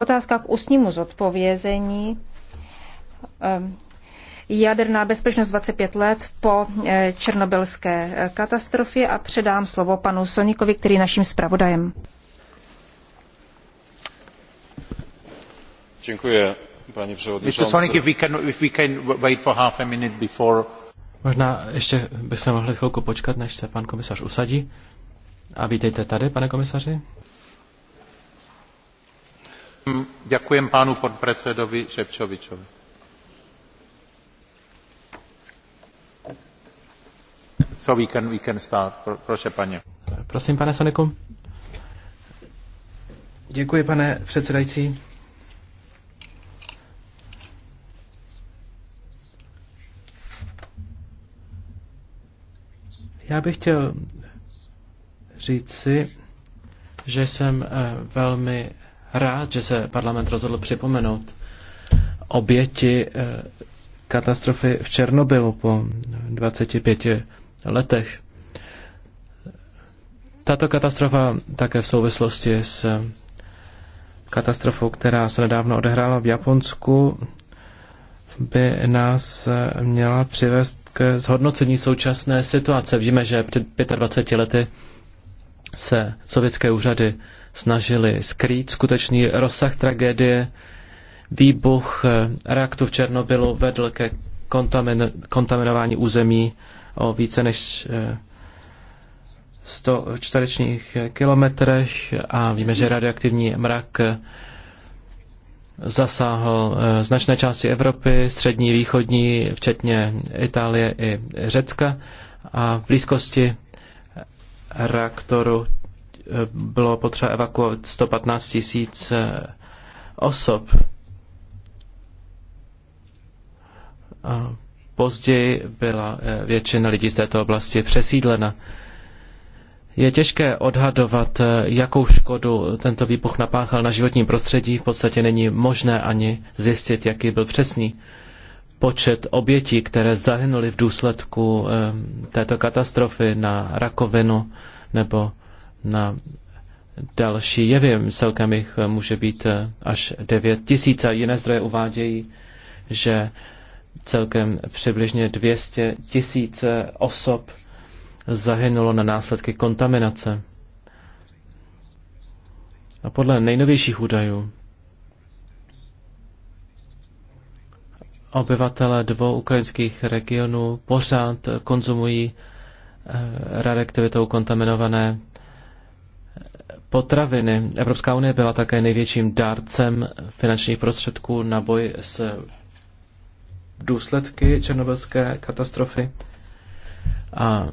Otázka k ústnímu zodpovězení. Ehm, jaderná bezpečnost 25 let po eh, černobylské eh, katastrofě a předám slovo panu Sonikovi, který je naším zpravodajem. Děkuji, paní předsedající. Možná ještě bychom mohli chvilku počkat, než se pan komisař usadí. A vítejte tady, pane komisaři. Děkuji panu podpredsedovi Šepčovičovi. So we can, we can start. Prosím, pane Soniku. Děkuji, pane předsedající. Já bych chtěl říci, že jsem eh, velmi rád, že se parlament rozhodl připomenout oběti eh, katastrofy v Černobylu po 25 letech. Tato katastrofa také v souvislosti s katastrofou, která se nedávno odehrála v Japonsku, by nás eh, měla přivést k zhodnocení současné situace. Víme, že před 25 lety se sovětské úřady snažili skrýt skutečný rozsah tragédie. Výbuch eh, reaktu v Černobylu vedl ke kontamin- kontaminování území o více než 100 eh, čtverečních kilometrech a víme, že radioaktivní mrak eh, zasáhl značné části Evropy, střední, východní, včetně Itálie i Řecka a v blízkosti reaktoru bylo potřeba evakuovat 115 tisíc eh, osob. A později byla eh, většina lidí z této oblasti přesídlena. Je těžké odhadovat, eh, jakou škodu tento výbuch napáchal na životním prostředí. V podstatě není možné ani zjistit, jaký byl přesný počet obětí, které zahynuly v důsledku této katastrofy na rakovinu nebo na další jevy. Celkem jich může být eh, až 9 tisíc a jiné zdroje uvádějí, že celkem přibližně 200 tisíc eh, osob zahynulo na následky kontaminace. A podle nejnovějších údajů obyvatele dvou ukrajinských regionů pořád konzumují eh, radioaktivitou kontaminované potraviny. Evropská unie byla také největším dárcem finančních prostředků na boj s důsledky černobylské katastrofy. A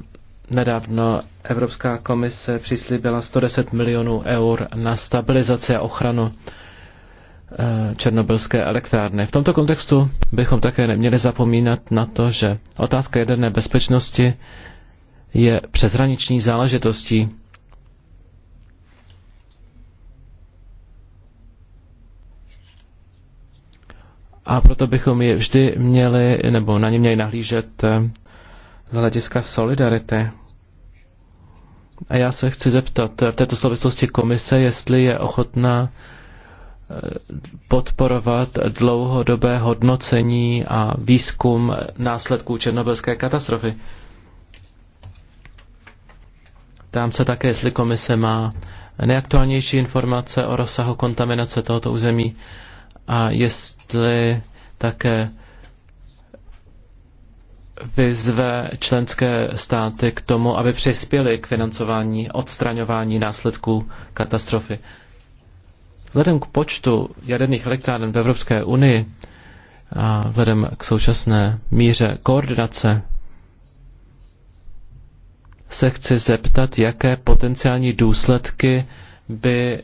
nedávno Evropská komise přislíbila 110 milionů eur na stabilizaci a ochranu eh, černobylské elektrárny. V tomto kontextu bychom také neměli zapomínat na to, že otázka jaderné bezpečnosti je přeshraniční záležitostí a proto bychom je vždy měli, nebo na ně měli nahlížet eh, z hlediska solidarity. A já se chci zeptat eh, v této souvislosti komise, jestli je ochotná eh, podporovat dlouhodobé hodnocení a výzkum následků černobylské katastrofy. Tam se také, jestli komise má nejaktuálnější informace o rozsahu kontaminace tohoto území a jestli také vyzve členské státy k tomu, aby přispěly k financování odstraňování následků katastrofy. Vzhledem k počtu jaderných elektráren v Evropské unii a vzhledem k současné míře koordinace se chci zeptat, jaké potenciální důsledky by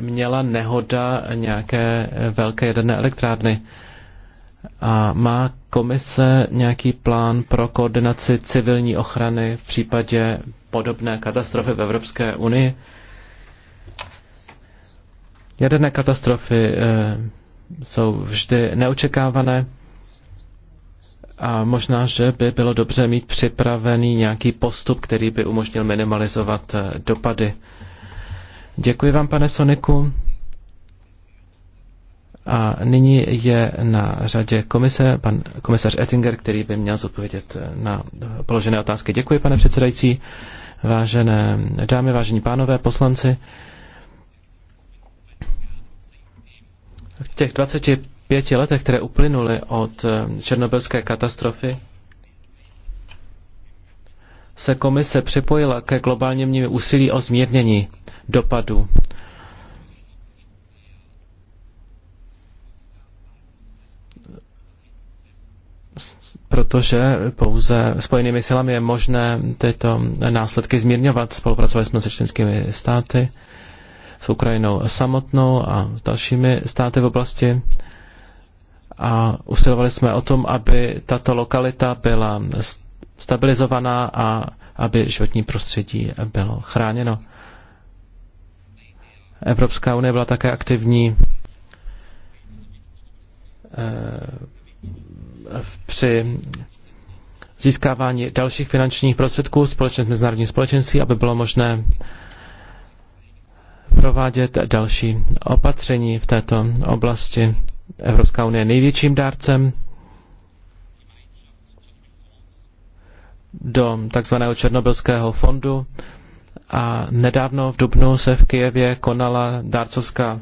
měla nehoda nějaké velké jedné elektrárny. A má komise nějaký plán pro koordinaci civilní ochrany v případě podobné katastrofy v Evropské unii? Jaderné katastrofy eh, jsou vždy neočekávané a možná, že by bylo dobře mít připravený nějaký postup, který by umožnil minimalizovat eh, dopady Děkuji vám, pane Soniku. A nyní je na řadě komise, pan komisař Ettinger, který by měl zodpovědět eh, na položené otázky. Děkuji, pane předsedající, vážené dámy, vážení pánové, poslanci. V těch 25 letech, které uplynuly od eh, černobylské katastrofy, se komise připojila ke globálnímu úsilí o zmírnění dopadů. protože pouze spojenými silami je možné tyto následky zmírňovat. Spolupracovali jsme se členskými státy, s Ukrajinou samotnou a s dalšími státy v oblasti a usilovali jsme o tom, aby tato lokalita byla stabilizovaná a aby životní prostředí bylo chráněno. Evropská unie byla také aktivní eh, při získávání dalších finančních prostředků společně s mezinárodní společenství, aby bylo možné provádět další opatření v této oblasti. Evropská unie je největším dárcem do takzvaného Černobylského fondu, a nedávno v Dubnu se v Kijevě konala dárcovská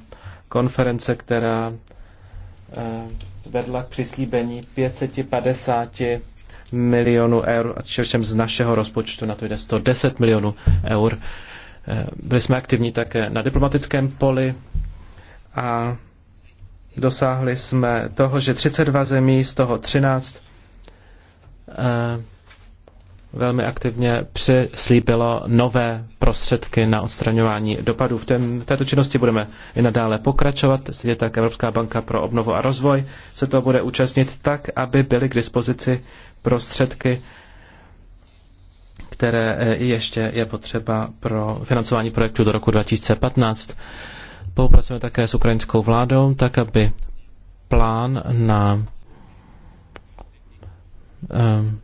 konference, která eh, vedla k přislíbení 550 milionů eur, čevšem z našeho rozpočtu na to jde 110 milionů eur. Eh, byli jsme aktivní také na diplomatickém poli a dosáhli jsme toho, že 32 zemí, z toho 13 velmi aktivně přislíbilo nové prostředky na odstraňování dopadů. V, tém, v této činnosti budeme i nadále pokračovat. Stejně tak Evropská banka pro obnovu a rozvoj se to bude účastnit tak, aby byly k dispozici prostředky, které eh, ještě je potřeba pro financování projektu do roku 2015. Poupracujeme také s ukrajinskou vládou, tak aby plán na um,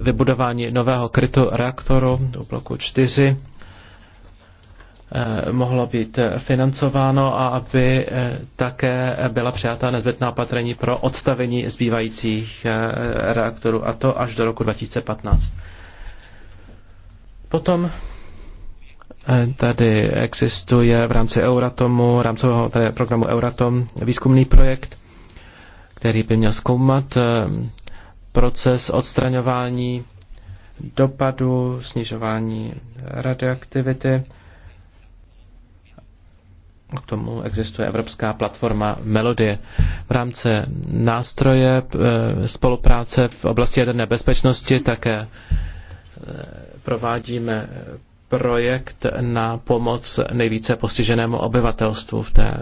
vybudování nového krytu reaktoru do bloku 4 eh, mohlo být financováno a aby eh, také byla přijata nezbytná opatření pro odstavení zbývajících eh, reaktorů a to až do roku 2015. Potom tady existuje v rámci Euratomu, rámcového programu Euratom výzkumný projekt, který by měl zkoumat proces odstraňování dopadu, snižování radioaktivity. K tomu existuje Evropská platforma Melodie. V rámci nástroje e, spolupráce v oblasti jaderné bezpečnosti také e, provádíme projekt na pomoc nejvíce postiženému obyvatelstvu v té e,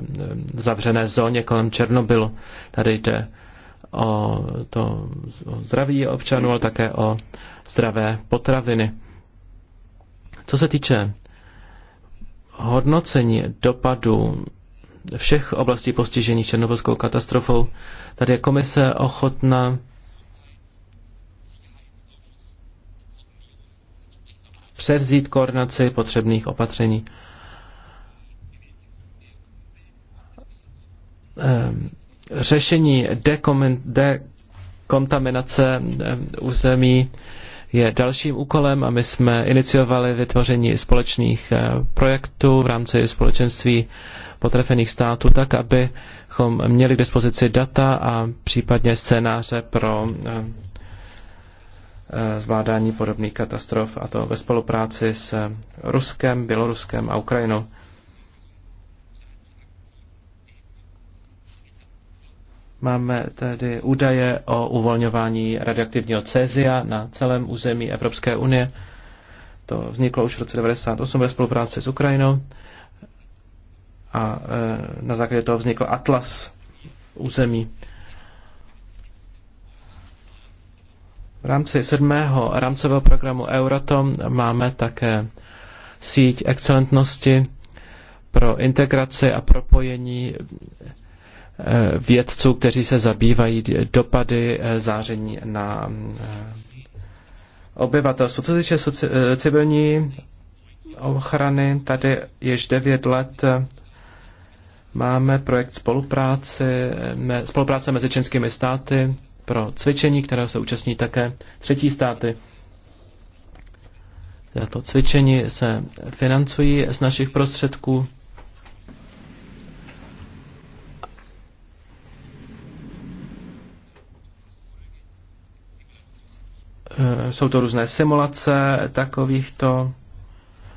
zavřené zóně kolem Černobylu. Tady jde o, to, o zdraví občanů, ale také o zdravé potraviny. Co se týče hodnocení dopadu všech oblastí postižení černobylskou katastrofou, tady je komise ochotna převzít koordinaci potřebných opatření. Ehm, řešení dekontaminace eh, území je dalším úkolem a my jsme iniciovali vytvoření společných eh, projektů v rámci společenství potrefených států, tak abychom měli k dispozici data a případně scénáře pro eh, zvládání podobných katastrof, a to ve spolupráci s Ruskem, Běloruskem a Ukrajinou. Máme tedy údaje o uvolňování radioaktivního cezia na celém území Evropské unie. To vzniklo už v roce 1998 ve spolupráci s Ukrajinou a e, na základě toho vznikl atlas území. V rámci sedmého rámcového programu Euratom máme také síť excelentnosti pro integraci a propojení Eh, vědců, kteří se zabývají dopady eh, záření na eh, obyvatelstvo. Co se týče civilní ochrany, tady již 9 let máme projekt spolupráce, spolupráce mezi českými státy pro cvičení, které se účastní také třetí státy. Tato cvičení se financují z našich prostředků. jsou to různé simulace takovýchto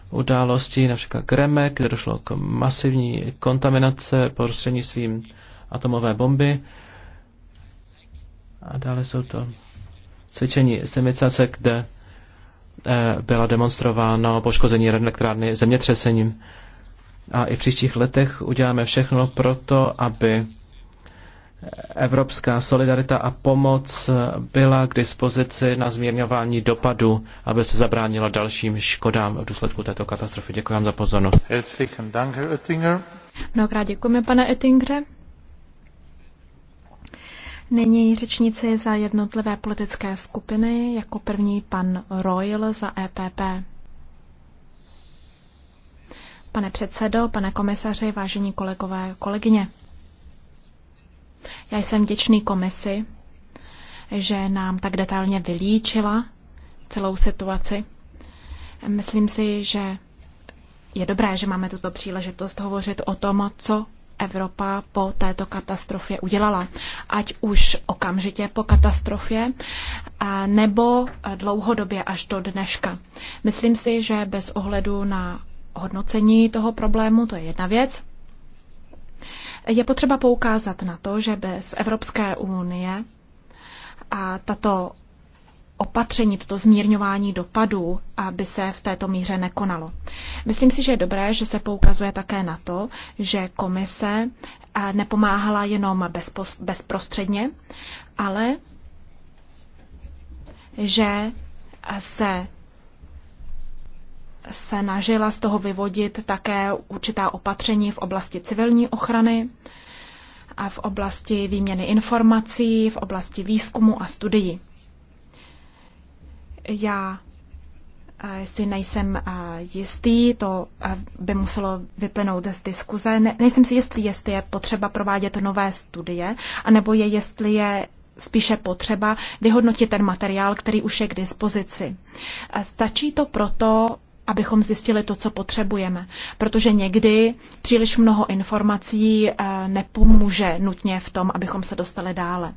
událostí, například Kreme, kde došlo k masivní kontaminace prostřednictvím atomové bomby. A dále jsou to cvičení simulace, kde eh, byla demonstrováno poškození elektrárny zemětřesením. A i v příštích letech uděláme všechno pro to, aby evropská solidarita a pomoc byla k dispozici na zmírňování dopadu, aby se zabránilo dalším škodám v důsledku této katastrofy. Děkuji vám za pozornost. Mnohokrát děkujeme, pane Ettingre. Nyní řečníci za jednotlivé politické skupiny, jako první pan Royal za EPP. Pane předsedo, pane komisaři, vážení kolegové, kolegyně. Já jsem vděčný komisi, že nám tak detailně vylíčila celou situaci. Myslím si, že je dobré, že máme tuto příležitost hovořit o tom, co Evropa po této katastrofě udělala. Ať už okamžitě po katastrofě, nebo dlouhodobě až do dneška. Myslím si, že bez ohledu na hodnocení toho problému, to je jedna věc, je potřeba poukázat na to, že bez Evropské unie a tato opatření, toto zmírňování dopadů, aby se v této míře nekonalo. Myslím si, že je dobré, že se poukazuje také na to, že komise eh, nepomáhala jenom bezprostředně, ale že se se nažila z toho vyvodit také určitá opatření v oblasti civilní ochrany a v oblasti výměny informací, v oblasti výzkumu a studií. Já eh, si nejsem eh, jistý, to eh, by muselo vyplynout z diskuze. Ne, nejsem si jistý, jestli je potřeba provádět nové studie, anebo je, jestli je spíše potřeba vyhodnotit ten materiál, který už je k dispozici. Stačí to proto, abychom zjistili to, co potřebujeme. Protože někdy příliš mnoho informací eh, nepomůže nutně v tom, abychom se dostali dále.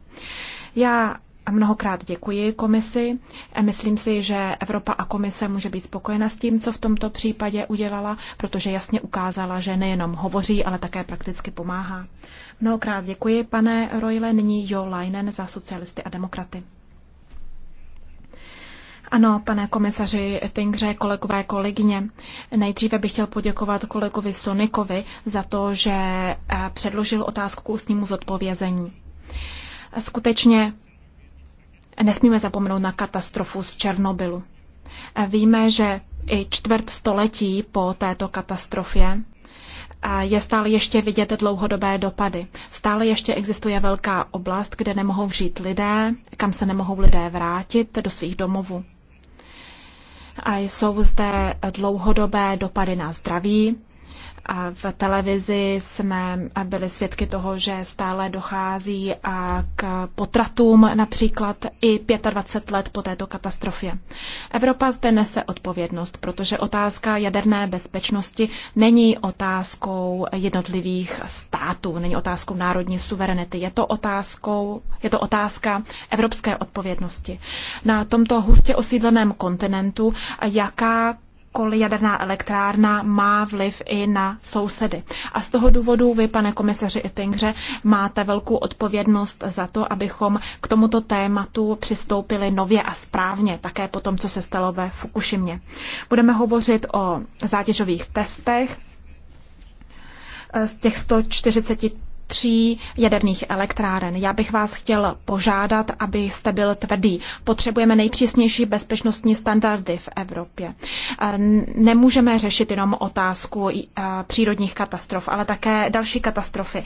Já mnohokrát děkuji komisi. Eh, myslím si, že Evropa a komise může být spokojena s tím, co v tomto případě udělala, protože jasně ukázala, že nejenom hovoří, ale také prakticky pomáhá. Mnohokrát děkuji, pane Royle, nyní Jo Leinen za socialisty a demokraty. Ano, pane komisaři Tingře, kolegové, kolegyně. Nejdříve bych chtěl poděkovat kolegovi Sonikovi za to, že eh, předložil otázku k ústnímu zodpovězení. Skutečně nesmíme zapomenout na katastrofu z Černobylu. Eh, víme, že i čtvrt století po této katastrofě eh, je stále ještě vidět dlouhodobé dopady. Stále ještě existuje velká oblast, kde nemohou žít lidé, kam se nemohou lidé vrátit do svých domovů a jsou zde dlouhodobé dopady na zdraví, v televizi jsme byli svědky toho, že stále dochází k potratům například i 25 let po této katastrofě. Evropa zde nese odpovědnost, protože otázka jaderné bezpečnosti není otázkou jednotlivých států, není otázkou národní suverenity, je to, otázkou, je to otázka evropské odpovědnosti. Na tomto hustě osídleném kontinentu, jaká jakákoliv jaderná elektrárna má vliv i na sousedy. A z toho důvodu vy, pane komisaři Itingře, máte velkou odpovědnost za to, abychom k tomuto tématu přistoupili nově a správně, také po tom, co se stalo ve Fukušimě. Budeme hovořit o zátěžových testech, z těch 140 tří jaderných elektráren. Já bych vás chtěl požádat, abyste byl tvrdý. Potřebujeme nejpřísnější bezpečnostní standardy v Evropě. Nemůžeme řešit jenom otázku e, přírodních katastrof, ale také další katastrofy.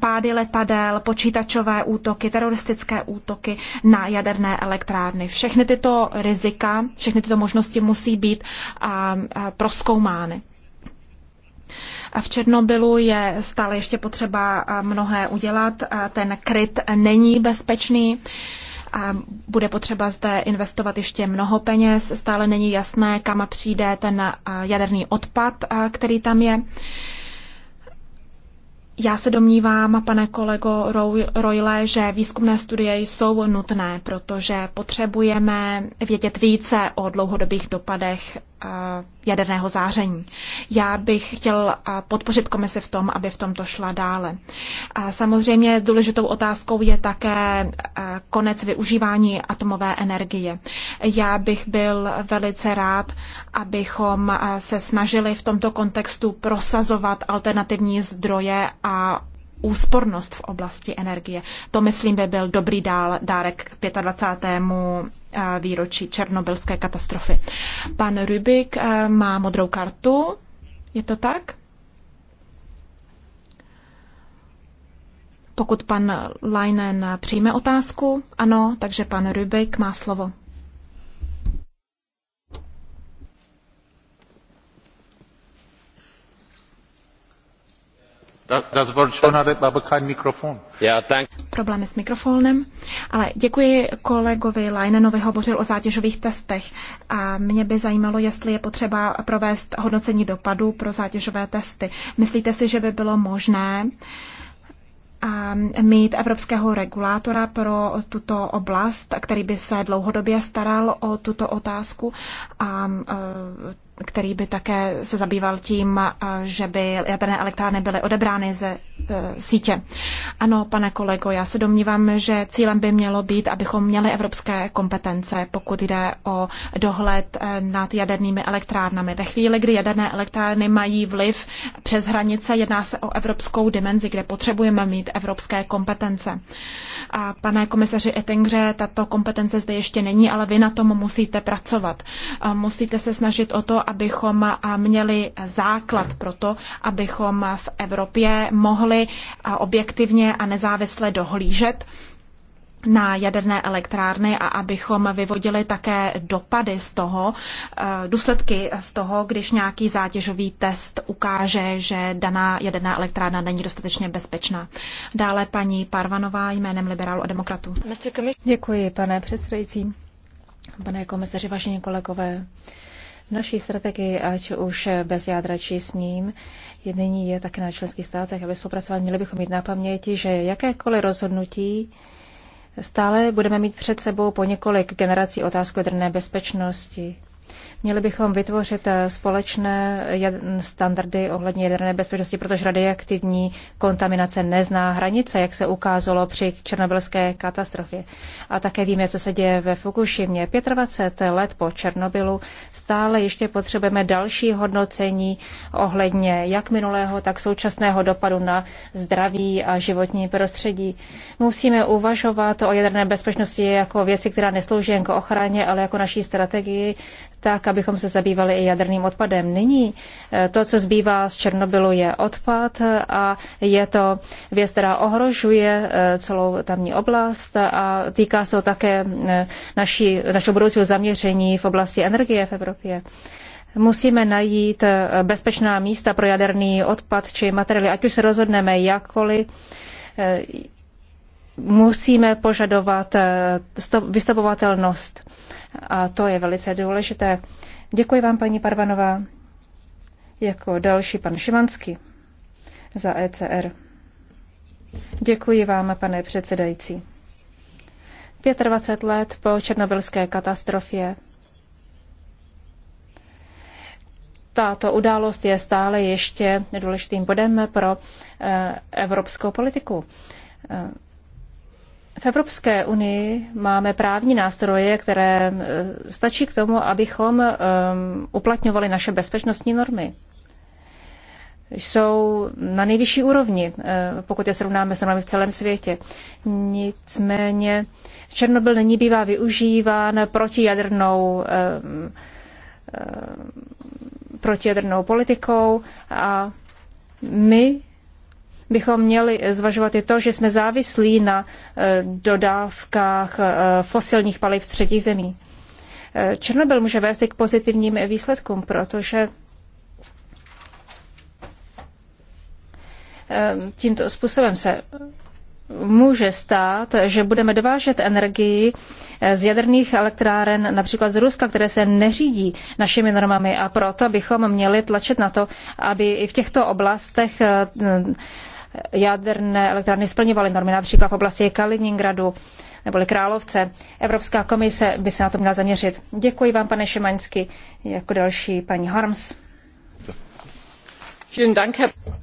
Pády letadel, počítačové útoky, teroristické útoky na jaderné elektrárny. Všechny tyto rizika, všechny tyto možnosti musí být proskoumány. V Černobylu je stále ještě potřeba mnohé udělat. Ten kryt není bezpečný. A bude potřeba zde investovat ještě mnoho peněz. Stále není jasné, kam přijde ten jaderný odpad, který tam je. Já se domnívám, pane kolego Royle, že výzkumné studie jsou nutné, protože potřebujeme vědět více o dlouhodobých dopadech jaderného záření. Já bych chtěl podpořit komisi v tom, aby v tomto šla dále. Samozřejmě důležitou otázkou je také konec využívání atomové energie. Já bych byl velice rád, abychom se snažili v tomto kontextu prosazovat alternativní zdroje a úspornost v oblasti energie. To, myslím, by byl dobrý dál, dárek k 25. Eh, výročí černobylské katastrofy. Pan Rubik eh, má modrou kartu, je to tak? Pokud pan Leinen přijme otázku, ano, takže pan Rubik má slovo. Problémy s mikrofonem, ale děkuji kolegovi Leinenovi, hovořil o zátěžových testech a mě by zajímalo, jestli je potřeba provést hodnocení dopadu pro zátěžové testy. Myslíte si, že by bylo možné a mít evropského regulátora pro tuto oblast, který by se dlouhodobě staral o tuto otázku a který by také se zabýval tím, eh, že by jaderné elektrárny byly odebrány ze eh, sítě. Ano, pane kolego, já se domnívám, že cílem by mělo být, abychom měli evropské kompetence, pokud jde o dohled eh, nad jadernými elektrárnami. Ve chvíli, kdy jaderné elektrárny mají vliv přes hranice, jedná se o evropskou dimenzi, kde potřebujeme mít evropské kompetence. A pane komisaři Ettingře, tato kompetence zde ještě není, ale vy na tom musíte pracovat. Musíte se snažit o to, abychom měli základ pro to, abychom v Evropě mohli objektivně a nezávisle dohlížet na jaderné elektrárny a abychom vyvodili také dopady z toho, e, důsledky z toho, když nějaký zátěžový test ukáže, že daná jaderná elektrárna není dostatečně bezpečná. Dále paní Parvanová jménem liberálu a demokratů. Děkuji, pane předsedající, pane komisaři, vaši kolegové. V naší strategii, ať už bez jádra či s ním, nyní je také na členských státech, aby spolupracovali. Měli bychom mít na paměti, že jakékoliv rozhodnutí stále budeme mít před sebou po několik generací otázku jedrné bezpečnosti. Měli bychom vytvořit eh, společné standardy ohledně jaderné bezpečnosti, protože radioaktivní kontaminace nezná hranice, jak se ukázalo při černobylské katastrofě. A také víme, co se děje ve Fukušimě. 25 let po Černobylu stále ještě potřebujeme další hodnocení ohledně jak minulého, tak současného dopadu na zdraví a životní prostředí. Musíme uvažovat o jaderné bezpečnosti jako věci, která neslouží jen k ochraně, ale jako naší strategii, tak tak, abychom se zabývali i jaderným odpadem. Nyní eh, to, co zbývá z Černobylu, je odpad a je to věc, která ohrožuje eh, celou tamní oblast a týká se také eh, naší, našeho budoucího zaměření v oblasti energie v Evropě musíme najít bezpečná místa pro jaderný odpad či materiály, ať už se rozhodneme jakkoliv, musíme požadovat eh, vystavovatelnost. A to je velice důležité. Děkuji vám, paní Parvanová. Jako další pan Šimanský za ECR. Děkuji vám, pane předsedající. 25 let po černobylské katastrofě tato událost je stále ještě důležitým bodem pro eh, evropskou politiku. Eh, v Evropské unii máme právní nástroje, které e, stačí k tomu, abychom um, uplatňovali naše bezpečnostní normy. Jsou na nejvyšší úrovni, e, pokud je srovnáme s normami v celém světě. Nicméně Černobyl není bývá využíván protijadernou um, protijadernou politikou a my bychom měli zvažovat i to, že jsme závislí na eh, dodávkách eh, fosilních paliv z třetích zemí. Eh, Černobyl může vést i k pozitivním výsledkům, protože tímto způsobem se může stát, že budeme dovážet energii z jaderných elektráren, například z Ruska, které se neřídí našimi normami a proto bychom měli tlačit na to, aby i v těchto oblastech jaderné elektrárny splňovaly normy, například v oblasti Kaliningradu neboli Královce. Evropská komise by se na to měla zaměřit. Děkuji vám, pane Šimaňsky, jako další paní Harms.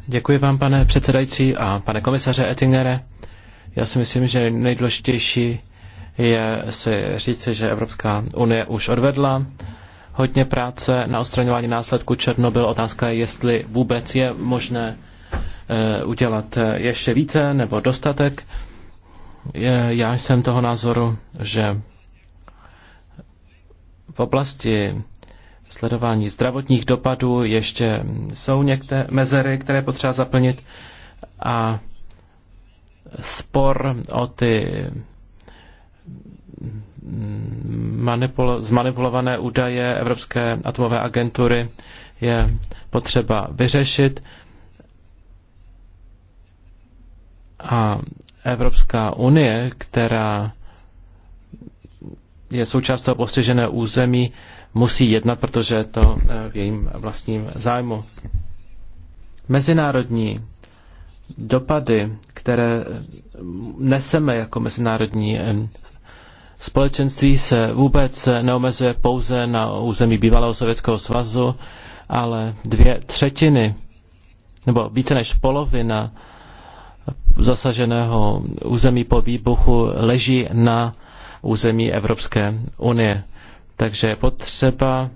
Děkuji vám, pane předsedající a pane komisaře Ettingere. Já si myslím, že nejdůležitější je si říci, že Evropská unie už odvedla hodně práce na odstraňování následku Černobyl. Otázka je, jestli vůbec je možné Eh, udělat ještě více nebo dostatek. Já jsem toho názoru, že v oblasti sledování zdravotních dopadů ještě jsou některé mezery, které potřeba zaplnit a spor o ty mm, manipulo- zmanipulované údaje Evropské atomové agentury je potřeba vyřešit A Evropská unie, která je součást toho postižené území, musí jednat, protože je to eh, v jejím vlastním zájmu. Mezinárodní dopady, které eh, neseme jako mezinárodní eh, společenství, se vůbec neomezuje pouze na území bývalého Sovětského svazu, ale dvě třetiny nebo více než polovina zasaženého území po výbuchu leží na území Evropské unie. Takže je potřeba,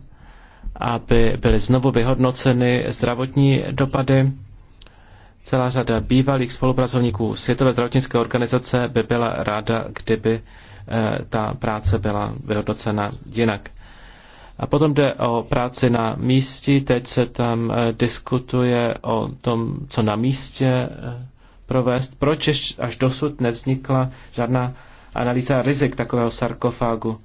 aby byly znovu vyhodnoceny zdravotní dopady. Celá řada bývalých spolupracovníků Světové zdravotnické organizace by byla ráda, kdyby eh, ta práce byla vyhodnocena jinak. A potom jde o práci na místě. Teď se tam eh, diskutuje o tom, co na místě eh, provést, proč ještě až dosud nevznikla žádná analýza rizik takového sarkofágu.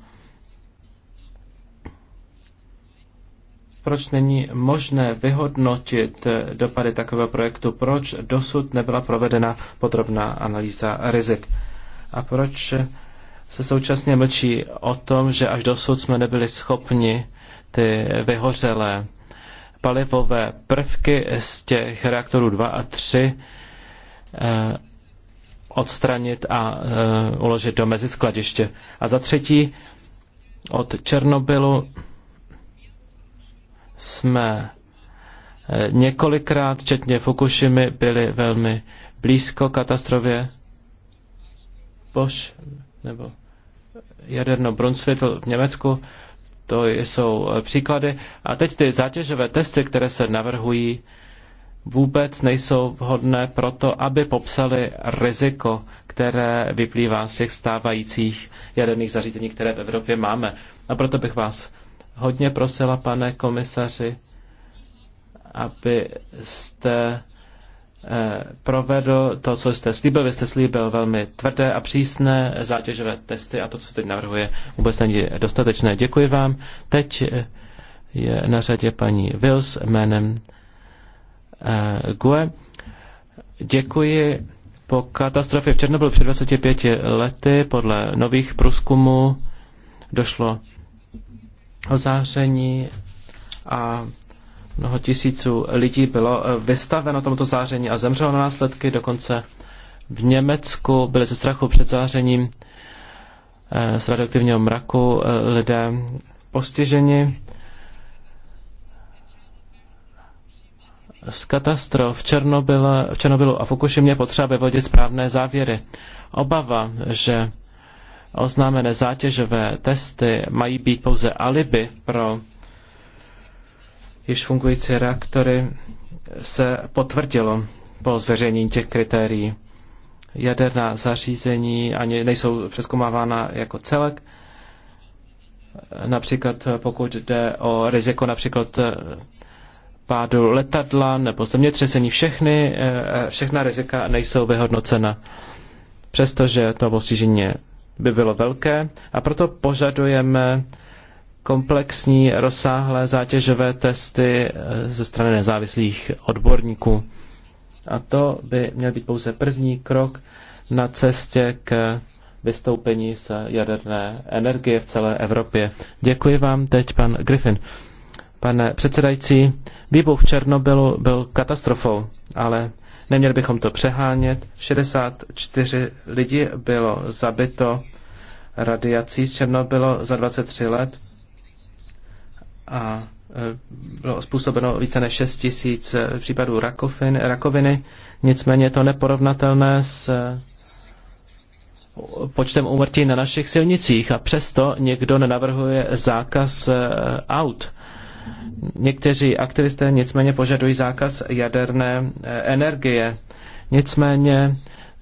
Proč není možné vyhodnotit dopady takového projektu? Proč dosud nebyla provedena podrobná analýza rizik? A proč se současně mlčí o tom, že až dosud jsme nebyli schopni ty vyhořelé palivové prvky z těch reaktorů 2 a 3 Eh, odstranit a eh, uložit do meziskladiště. A za třetí, od Černobylu jsme eh, několikrát, včetně Fukushimy, byli velmi blízko katastrofě. Boš nebo jaderno Brunsvitl v Německu, to jsou příklady. A teď ty zátěžové testy, které se navrhují, vůbec nejsou vhodné pro to, aby popsali riziko, které vyplývá z těch stávajících jaderných zařízení, které v Evropě máme. A proto bych vás hodně prosila, pane komisaři, abyste eh, provedl to, co jste slíbil. Vy jste slíbil velmi tvrdé a přísné zátěžové testy a to, co se teď navrhuje, vůbec není dostatečné. Děkuji vám. Teď eh, je na řadě paní Wills jménem Eh, GUE. Děkuji. Po katastrofě v Černobylu před 25 lety podle nových průzkumů došlo o záření a mnoho tisíců lidí bylo eh, vystaveno tomuto záření a zemřelo na následky. Dokonce v Německu byli ze strachu před zářením eh, z radioaktivního mraku lidé postiženi z katastrof v, Černobylu a Fukushimě potřeba vyvodit správné závěry. Obava, že oznámené zátěžové testy mají být pouze alibi pro již fungující reaktory, se potvrdilo po zveřejnění těch kritérií. Jaderná zařízení ani nejsou přeskumávána jako celek, například pokud jde o riziko například pádu letadla nebo zemětřesení, všechny, eh, všechna rizika nejsou vyhodnocena, přestože to postižení by bylo velké a proto požadujeme komplexní rozsáhlé zátěžové testy eh, ze strany nezávislých odborníků. A to by měl být pouze první krok na cestě k vystoupení z jaderné energie v celé Evropě. Děkuji vám teď, pan Griffin. Pane předsedající, výbuch v Černobylu byl katastrofou, ale neměli bychom to přehánět. 64 lidí bylo zabito radiací z Černobylu za 23 let a e, bylo způsobeno více než 6 tisíc e, případů rakovin, rakoviny. Nicméně je to neporovnatelné s e, počtem úmrtí na našich silnicích a přesto někdo nenavrhuje zákaz aut Někteří aktivisté nicméně požadují zákaz jaderné eh, energie. Nicméně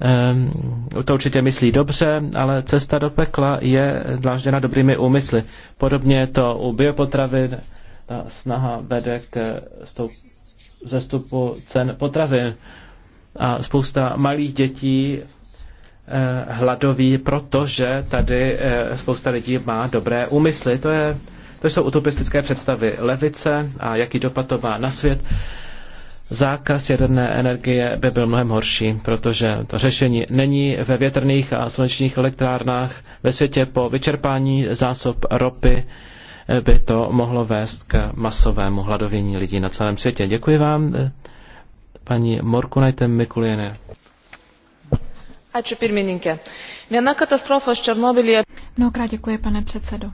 eh, to určitě myslí dobře, ale cesta do pekla je dlážděna dobrými úmysly. Podobně to u biopotravin ta snaha vede k eh, zestupu cen potravin. A spousta malých dětí hladoví, protože tady spousta lidí má dobré úmysly. To je to jsou utopistické představy levice a jaký dopad to má na svět. Zákaz jaderné energie by byl mnohem horší, protože to řešení není ve větrných a slunečních elektrárnách. Ve světě po vyčerpání zásob ropy by to mohlo vést k masovému hladovění lidí na celém světě. Děkuji vám, paní Morkunajte Mikuliene. Ačiū pirmininkė. Viena katastrofos Černobylyje. Mnohokrát děkuji, pane předsedo.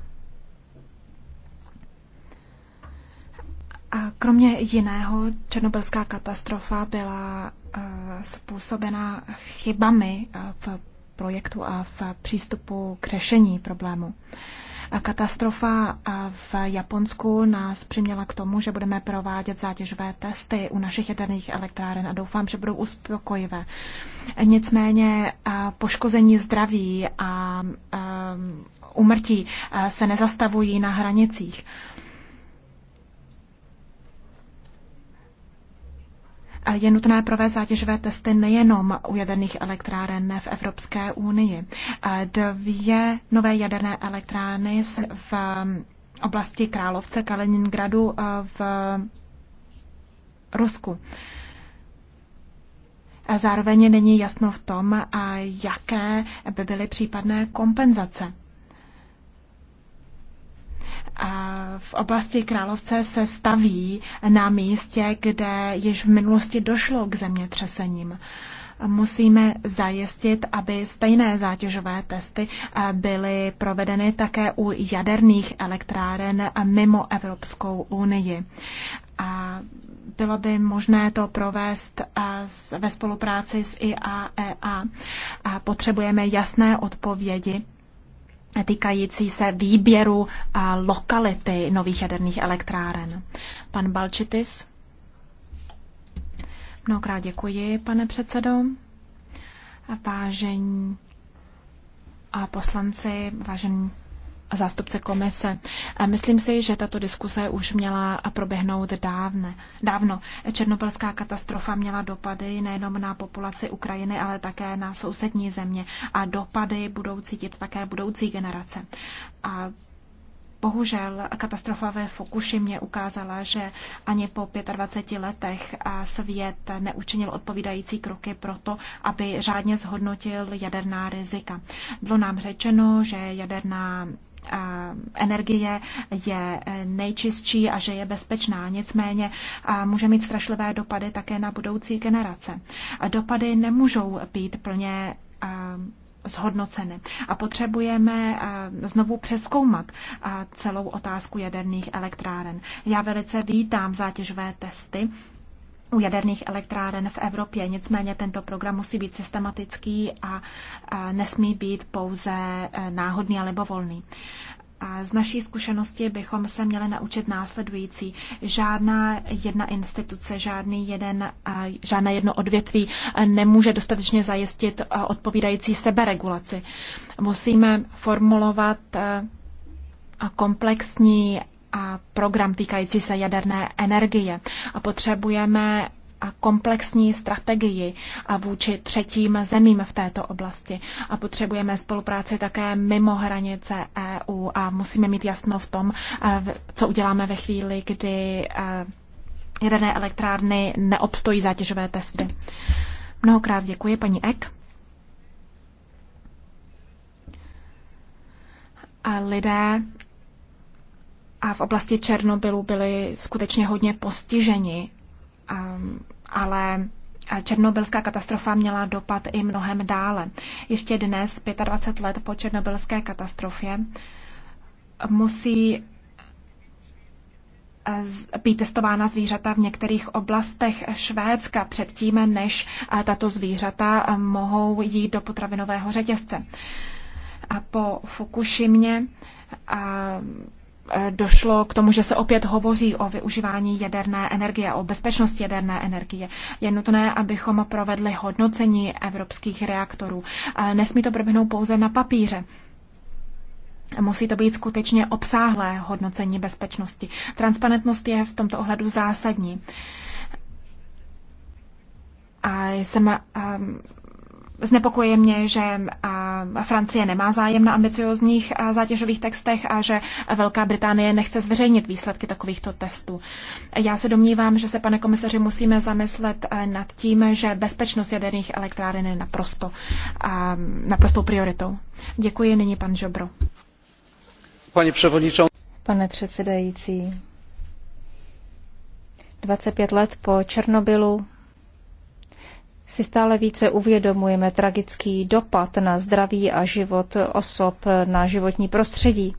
A kromě jiného, černobylská katastrofa byla eh, způsobena chybami eh, v projektu a v přístupu k řešení problému. Katastrofa eh, v Japonsku nás přiměla k tomu, že budeme provádět zátěžové testy u našich jaderných elektráren a doufám, že budou uspokojivé. Nicméně poškození zdraví a umrtí se nezastavují na hranicích. Je nutné provést zátěžové testy nejenom u jaderných elektráren v Evropské unii. Dvě nové jaderné elektrárny v um, oblasti Královce Kaliningradu uh, v Rusku. Zároveň není jasno v tom, jaké by byly případné kompenzace v oblasti Královce se staví na místě, kde již v minulosti došlo k zemětřesením. Musíme zajistit, aby stejné zátěžové testy eh, byly provedeny také u jaderných elektráren mimo Evropskou unii. A bylo by možné to provést eh, ve spolupráci s IAEA. E potřebujeme jasné odpovědi týkající se výběru a lokality nových jaderných elektráren. Pan Balčitis. Mnohokrát děkuji, pane předsedo. Vážení a poslanci, vážení zástupce komise. Myslím si, že tato diskuse už měla proběhnout dávne, dávno. Černobylská katastrofa měla dopady nejenom na populaci Ukrajiny, ale také na sousední země a dopady budou cítit také budoucí generace. A Bohužel katastrofa ve mě ukázala, že ani po 25 letech svět neučinil odpovídající kroky pro to, aby řádně zhodnotil jaderná rizika. Bylo nám řečeno, že jaderná energie je eh, nejčistší a že je bezpečná. Nicméně může mít strašlivé dopady také na budoucí generace. Dopady nemůžou být plně zhodnoceny. A potřebujeme znovu přeskoumat celou otázku jaderných elektráren. Já velice vítám zátěžové testy, u jaderných elektráren v Evropě. Nicméně tento program musí být systematický a nesmí být pouze e, náhodný a libovolný. A z naší zkušenosti bychom se měli naučit následující. Žádná jedna instituce, žádný jeden, e, žádné jedno odvětví e, nemůže dostatečně zajistit odpovídající seberegulaci. Musíme formulovat komplexní a program týkající se jaderné energie. A potřebujeme a komplexní strategii a vůči třetím zemím v této oblasti. A potřebujeme spolupráci také mimo hranice EU a musíme mít jasno v tom, co uděláme ve chvíli, kdy jaderné elektrárny neobstojí zátěžové testy. Mnohokrát děkuji, paní Ek. A lidé a v oblasti Černobylu byli skutečně hodně postiženi, ale Černobylská katastrofa měla dopad i mnohem dále. Ještě dnes, 25 let po černobylské katastrofě, musí e, být testována zvířata v některých oblastech Švédska předtím, než e, tato zvířata e, mohou jít do potravinového řetězce. A po Fukushimě Eh, došlo k tomu, že se opět hovoří o využívání jaderné energie, o bezpečnosti jaderné energie. Je nutné, abychom provedli hodnocení evropských reaktorů. Eh, nesmí to proběhnout pouze na papíře. Musí to být skutečně obsáhlé hodnocení bezpečnosti. Transparentnost je v tomto ohledu zásadní. A jsem ehm, Znepokuje mě, že Francie nemá zájem na ambiciozních zátěžových textech a že Velká Británie nechce zveřejnit výsledky takovýchto testů. Já se domnívám, že se, pane komisaři, musíme zamyslet e, nad tím, že bezpečnost jaderných elektráren je naprosto, naprostou prioritou. Děkuji, nyní pan Žobro. Pane, pane předsedající, 25 let po Černobylu si stále více uvědomujeme tragický dopad na zdraví a život osob, na životní prostředí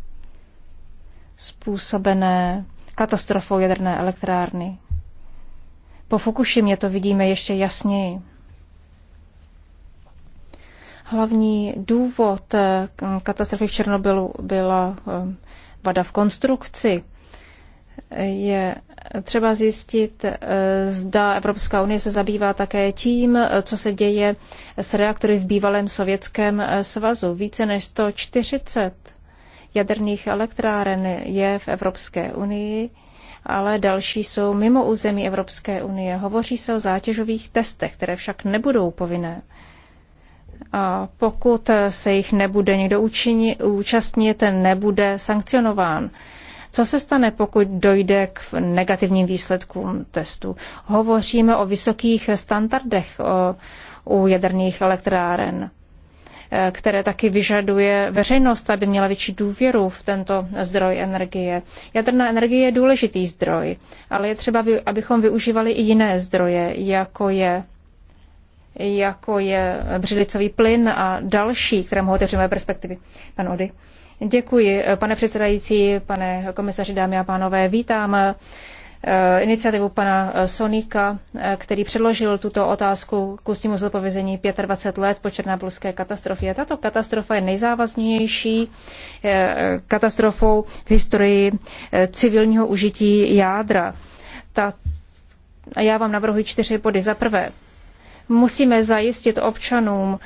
způsobené katastrofou jaderné elektrárny. Po Fukushimě to vidíme ještě jasněji. Hlavní důvod katastrofy v Černobylu byla eh, vada v konstrukci je třeba zjistit, eh, zda Evropská unie se zabývá také tím, eh, co se děje s reaktory v bývalém sovětském eh, svazu. Více než 140 jaderných elektráren je v Evropské unii, ale další jsou mimo území Evropské unie. Hovoří se o zátěžových testech, které však nebudou povinné. A pokud se jich nebude někdo účastnit, nebude sankcionován. Co se stane, pokud dojde k negativním výsledkům testu? Hovoříme o vysokých standardech o, u jaderných elektráren, e, které taky vyžaduje veřejnost, aby měla větší důvěru v tento zdroj energie. Jaderná energie je důležitý zdroj, ale je třeba, abychom využívali i jiné zdroje, jako je jako je břidlicový plyn a další, které mohou otevřené perspektivy. Pan Ody. Děkuji, pane předsedající, pane komisaři, dámy a pánové. Vítám eh, iniciativu pana eh, Sonika, eh, který předložil tuto otázku k ústnímu zodpovězení 25 let po černobylské katastrofě. Tato katastrofa je nejzávaznější katastrofou v historii civilního užití jádra. Ta, já vám navrhuji čtyři body. Za prvé, musíme zajistit občanům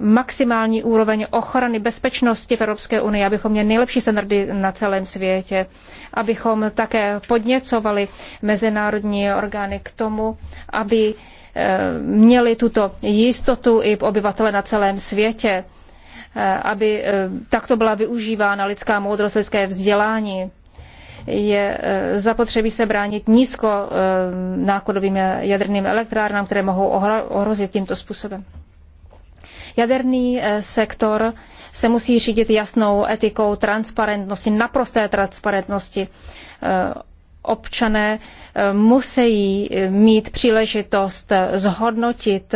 maximální úroveň ochrany bezpečnosti v Evropské unii, abychom měli nejlepší standardy na celém světě, abychom také podněcovali mezinárodní orgány k tomu, aby eh, měli tuto jistotu i obyvatele na celém světě, eh, aby eh, takto byla využívána lidská moudrost, lidské vzdělání. Je zapotřebí se bránit nízko nákladovým jaderným elektrárnám, které mohou ohrozit tímto způsobem. Jaderný eh, sektor se musí řídit jasnou etikou transparentnosti, naprosté transparentnosti. Eh, občané eh, musí mít příležitost zhodnotit,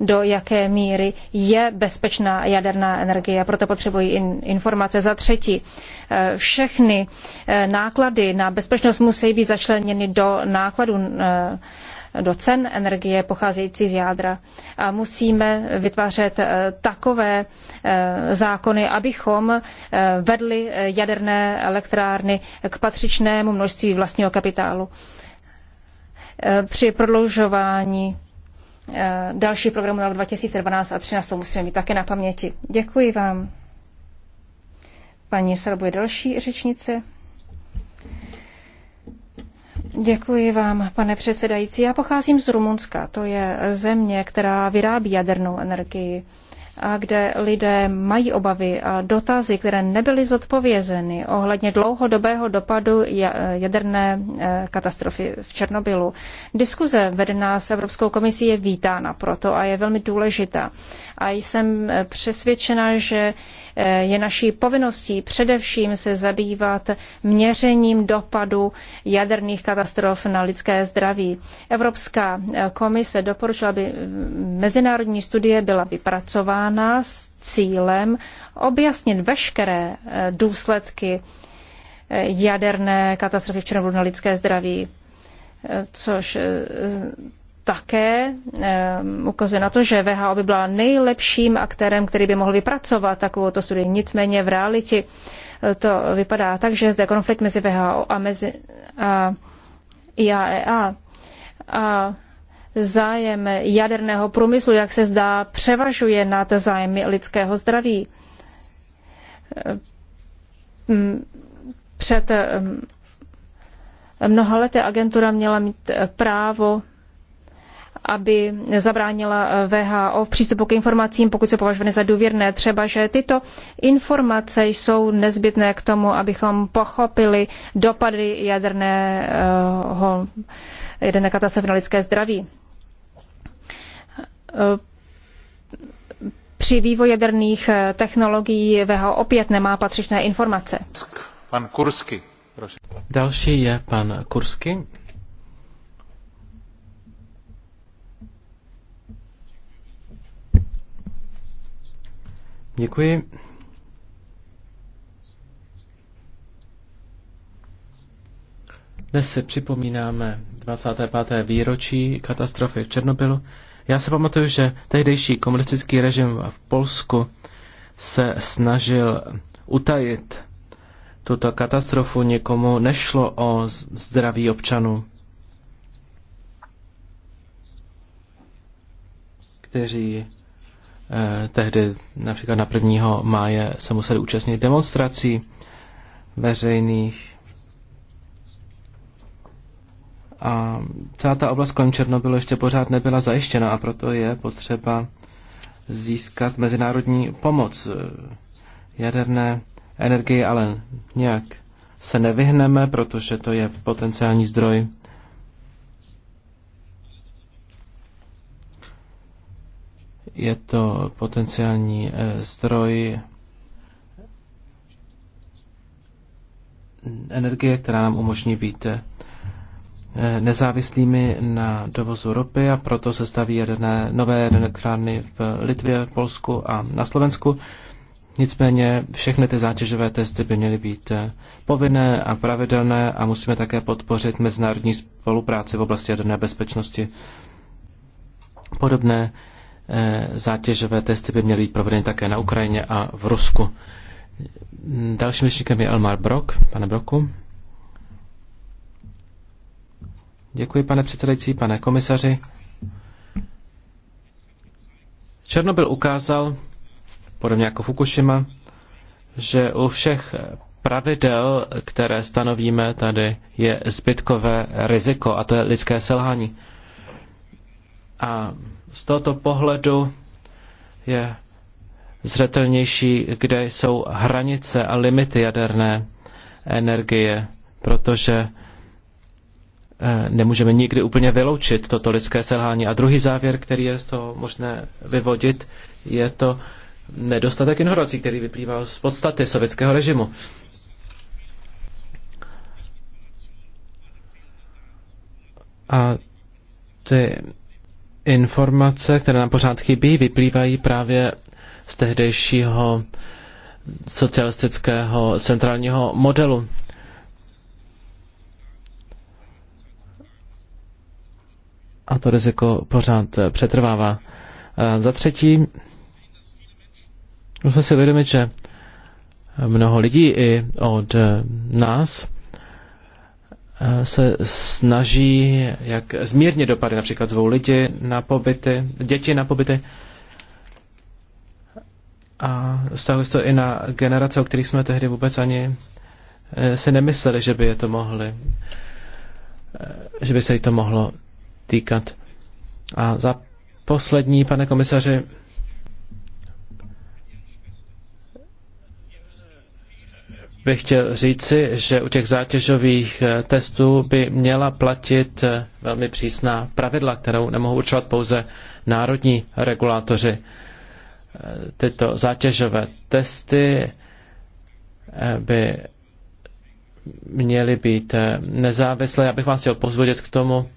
do jaké míry je bezpečná jaderná energie. Proto potřebují informace. Za třetí, všechny náklady na bezpečnost musí být začleněny do nákladů do cen energie pocházející z jádra. A musíme vytvářet eh, takové eh, zákony, abychom eh, vedli jaderné elektrárny k patřičnému množství vlastního kapitálu. Při prodloužování další programu na rok 2012 a 2013 to musíme mít také na paměti. Děkuji vám. Paní Srbu je další řečnice. Děkuji vám, pane předsedající. Já pocházím z Rumunska. To je země, která vyrábí jadernou energii a kde lidé mají obavy a dotazy, které nebyly zodpovězeny ohledně dlouhodobého dopadu jaderné eh, katastrofy v Černobylu. Diskuze vedená s Evropskou komisí je vítána proto a je velmi důležitá. A jsem přesvědčena, že Eh, je naší povinností především se zabývat měřením dopadu jaderných katastrof na lidské zdraví. Evropská eh, komise doporučila, aby mm, mezinárodní studie byla vypracována s cílem objasnit veškeré eh, důsledky jaderné katastrofy v Černobylu na lidské zdraví, což také um, ukazuje na to, že VHO by byla nejlepším aktérem, který by mohl vypracovat takovouto studii. Nicméně v realitě eh, to vypadá tak, že zde konflikt mezi VHO a mezi a IAEA e a zájem jaderného průmyslu, jak se zdá, převažuje nad zájmy lidského zdraví. Ehm, před ehm, mnoha lety agentura měla mít eh, právo aby zabránila eh, VHO v přístupu k informacím, pokud se považovány za důvěrné. Třeba, že tyto informace jsou nezbytné k tomu, abychom pochopili dopady jaderného, jaderné katastrofy na lidské zdraví. Eh, při vývoji jaderných eh, technologií VHO opět nemá patřičné informace. Pan Kursky, prosím. Další je pan Kursky. Děkuji. Dnes si připomínáme 25. výročí katastrofy v Černobylu. Já se pamatuju, že tehdejší komunistický režim v Polsku se snažil utajit tuto katastrofu. Někomu nešlo o zdraví občanů, kteří Eh, tehdy například na 1. máje se museli účastnit demonstrací veřejných. A celá ta oblast kolem Černobylu ještě pořád nebyla zajištěna a proto je potřeba získat mezinárodní pomoc. Jaderné energie ale nějak se nevyhneme, protože to je potenciální zdroj Je to potenciální eh, zdroj energie, která nám umožní být eh, nezávislými na dovozu ropy a proto se staví jedné, nové elektrárny v Litvě, Polsku a na Slovensku. Nicméně všechny ty zátěžové testy by měly být eh, povinné a pravidelné a musíme také podpořit mezinárodní spolupráci v oblasti jaderné bezpečnosti. Podobné Eh, zátěžové testy by měly být provedeny také na Ukrajině a v Rusku. Dalším řečníkem je Elmar Brok. Pane Broku. Děkuji, pane předsedající, pane komisaři. Černobyl ukázal, podobně jako Fukushima, že u všech pravidel, které stanovíme tady, je zbytkové riziko, a to je lidské selhání. A z tohoto pohledu je zřetelnější, kde jsou hranice a limity jaderné energie, protože eh, nemůžeme nikdy úplně vyloučit toto lidské selhání. A druhý závěr, který je z toho možné vyvodit, je to nedostatek ignorací, který vyplývá z podstaty sovětského režimu. A ty Informace, které nám pořád chybí, vyplývají právě z tehdejšího socialistického centrálního modelu. A to riziko pořád přetrvává. A za třetí, musíme si uvědomit, že mnoho lidí i od nás Eh, se snaží jak zmírnit dopady, například zvou lidi na pobyty, děti na pobyty. A vztahuje se to i na generace, o kterých jsme tehdy vůbec ani eh, si nemysleli, že by je to mohli, eh, že by se jí to mohlo týkat. A za poslední, pane komisaři, bych chtěl říci, že u těch zátěžových eh, testů by měla platit eh, velmi přísná pravidla, kterou nemohou určovat pouze národní regulátoři. Eh, tyto zátěžové testy by měly být nezávislé. Já bych vás chtěl pozvodit k tomu,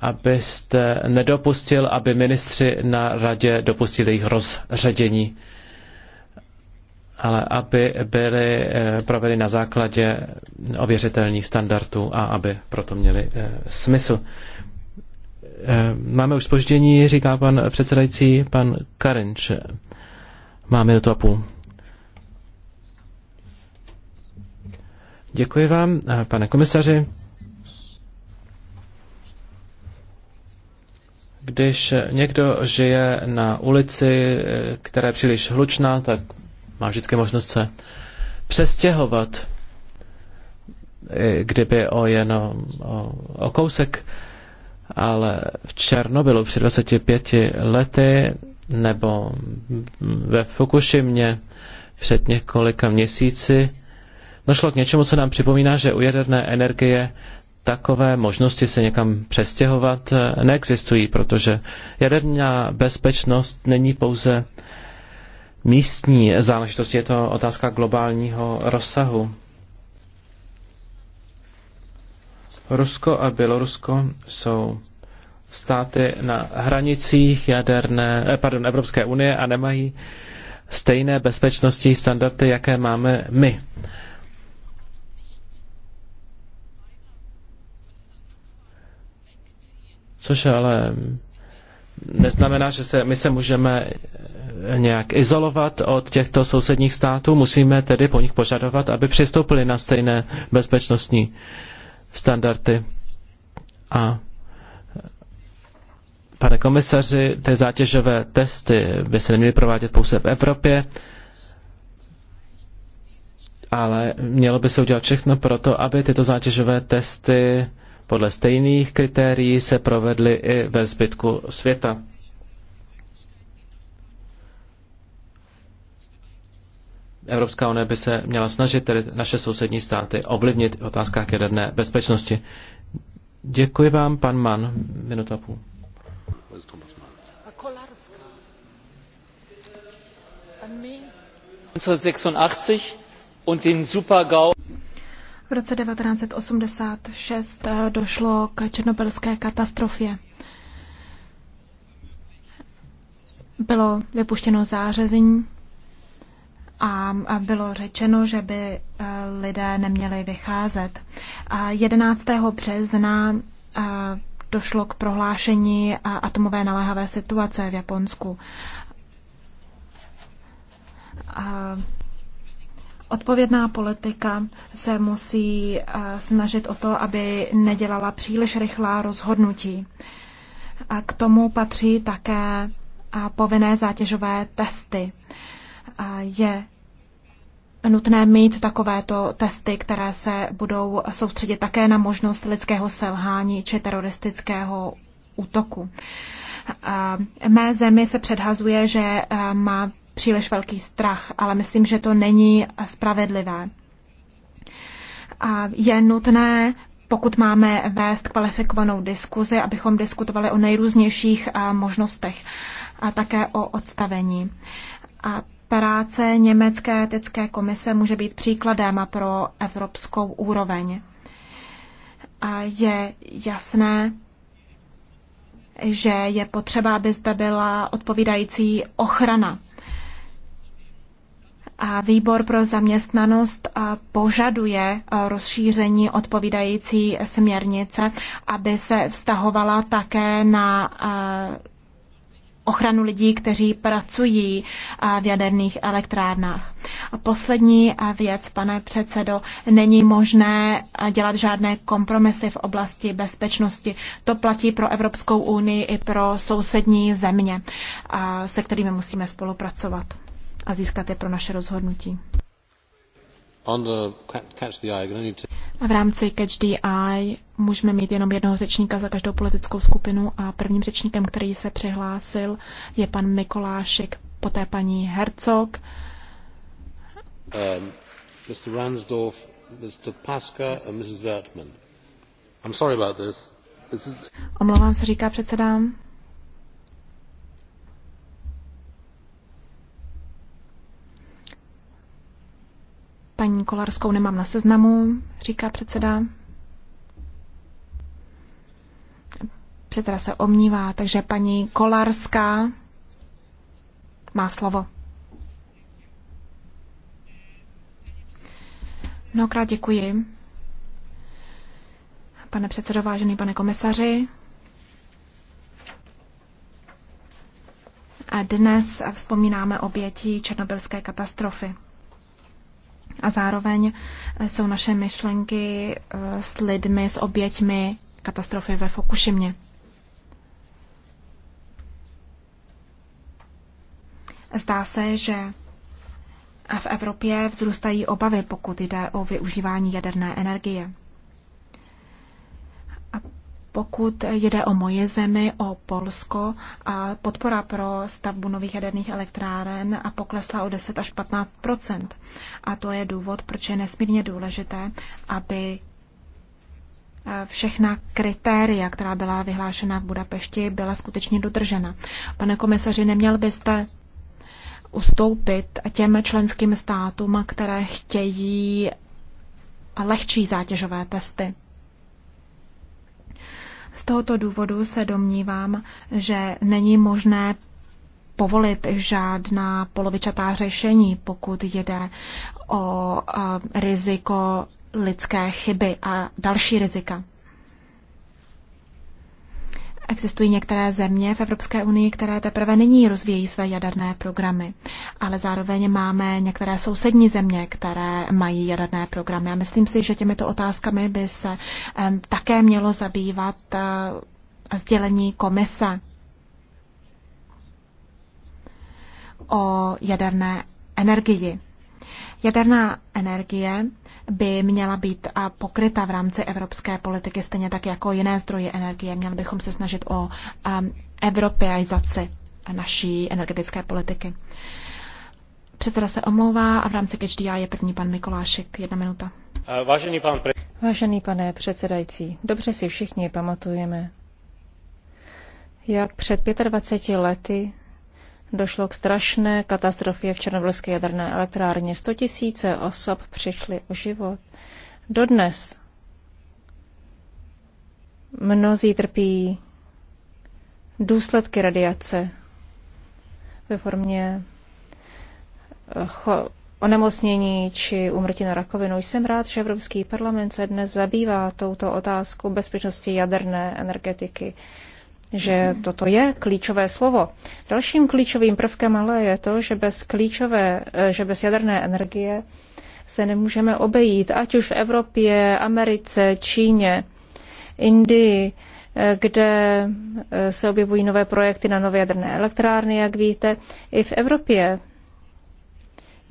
abyste nedopustil, aby ministři na radě dopustili jejich rozředění ale aby byly eh, provedeny na základě ověřitelných standardů a aby proto měly eh, smysl. Eh, máme už spoždění, říká pan předsedající, pan Karinč. Má minutu a půl. Děkuji vám, pane komisaři. Když někdo žije na ulici, která je příliš hlučná, tak má vždycky možnost se přestěhovat, kdyby o jenom o, o kousek, ale v Černobylu při 25 lety nebo ve Fukushimě před několika měsíci došlo k něčemu, co nám připomíná, že u jaderné energie takové možnosti se někam přestěhovat eh, neexistují, protože jaderná bezpečnost není pouze místní záležitosti, je to otázka globálního rozsahu. Rusko a Bělorusko jsou státy na hranicích jaderné, eh, pardon, Evropské unie a nemají stejné bezpečnostní standardy, jaké máme my. Což ale neznamená, že se, my se můžeme nějak izolovat od těchto sousedních států, musíme tedy po nich požadovat, aby přistoupili na stejné bezpečnostní standardy. A pane komisaři, ty zátěžové testy by se neměly provádět pouze v Evropě, ale mělo by se udělat všechno pro to, aby tyto zátěžové testy podle stejných kritérií se provedly i ve zbytku světa. Evropská unie by se měla snažit tedy naše sousední státy ovlivnit v otázkách jaderné bezpečnosti. Děkuji vám, pan Mann. Minuta půl. V roce 1986 eh, došlo k černobylské katastrofě. Eh, bylo vypuštěno zářezení a bylo řečeno, že by e, lidé neměli vycházet. 11. března e, došlo k prohlášení e, atomové naléhavé situace v Japonsku. Odpovědná politika se musí snažit o to, aby nedělala příliš rychlá rozhodnutí. A k tomu patří také povinné zátěžové testy. Je nutné mít takovéto testy, které se budou soustředit také na možnost lidského selhání či teroristického útoku. Mé zemi se předhazuje, že eh, má příliš velký strach, ale myslím, že to není spravedlivé. Je nutné pokud máme vést kvalifikovanou diskuzi, abychom diskutovali o nejrůznějších eh, možnostech a také o odstavení. A práce Německé etické komise může být příkladem pro evropskou úroveň. A je jasné, že je potřeba, aby zde byla odpovídající ochrana. A výbor pro zaměstnanost požaduje rozšíření odpovídající směrnice, aby se vztahovala také na ochranu lidí, kteří pracují v jaderných elektrárnách. A poslední věc, pane předsedo, není možné dělat žádné kompromisy v oblasti bezpečnosti. To platí pro Evropskou unii i pro sousední země, se kterými musíme spolupracovat a získat je pro naše rozhodnutí. V rámci Catch the Eye můžeme mít jenom jednoho řečníka za každou politickou skupinu a prvním řečníkem, který se přihlásil, je pan Mikolášek, poté paní Herzog. Um, Mr. Ransdorf, Mr. Pasca and Mrs. Wertmann. I'm sorry about this. this is... Omlouvám se, říká předsedám. Paní Kolarskou nemám na seznamu, říká předseda. Předseda se omnívá, takže paní Kolarská má slovo. Mnohokrát děkuji. Pane předsedo, vážený pane komisaři, a dnes vzpomínáme oběti černobylské katastrofy a zároveň eh, jsou naše myšlenky eh, s lidmi, s oběťmi katastrofy ve Fukushimě. Zdá se, že v Evropě vzrůstají obavy, pokud jde o využívání jaderné energie. Pokud jde o moje zemi, o Polsko, a podpora pro stavbu nových jaderných elektráren a poklesla o 10 až 15 A to je důvod, proč je nesmírně důležité, aby eh, všechna kritéria, která byla vyhlášena v Budapešti, byla skutečně dodržena. Pane komisaři, neměl byste ustoupit těm členským státům, které chtějí lehčí zátěžové testy? Z tohoto důvodu se domnívám, že není možné povolit žádná polovičatá řešení, pokud jde o eh, riziko lidské chyby a další rizika. Existují některé země v Evropské unii, které teprve nyní rozvíjí své jaderné programy, ale zároveň máme některé sousední země, které mají jaderné programy. A myslím si, že těmito otázkami by se um, také mělo zabývat uh, sdělení komise o jaderné energii. Jaderná energie by měla být pokryta v rámci evropské politiky, stejně tak jako jiné zdroje energie. Měli bychom se snažit o evropeizaci naší energetické politiky. Předseda se omlouvá a v rámci KHDI je první pan Mikolášek. Jedna minuta. Vážený, pan pre... Vážený pane předsedající, dobře si všichni pamatujeme, jak před 25 lety došlo k strašné katastrofě v Černobylské jaderné elektrárně. 100 tisíce osob přišly o život. Dodnes mnozí trpí důsledky radiace ve formě eh, onemocnění či umrtí na rakovinu. Jsem rád, že Evropský parlament se dnes zabývá touto otázkou bezpečnosti jaderné energetiky že toto je klíčové slovo. Dalším klíčovým prvkem ale je to, že bez klíčové, eh, že bez jaderné energie se nemůžeme obejít, ať už v Evropě, Americe, Číně, Indii, eh, kde eh, se objevují nové projekty na nové jaderné elektrárny, jak víte. I v Evropě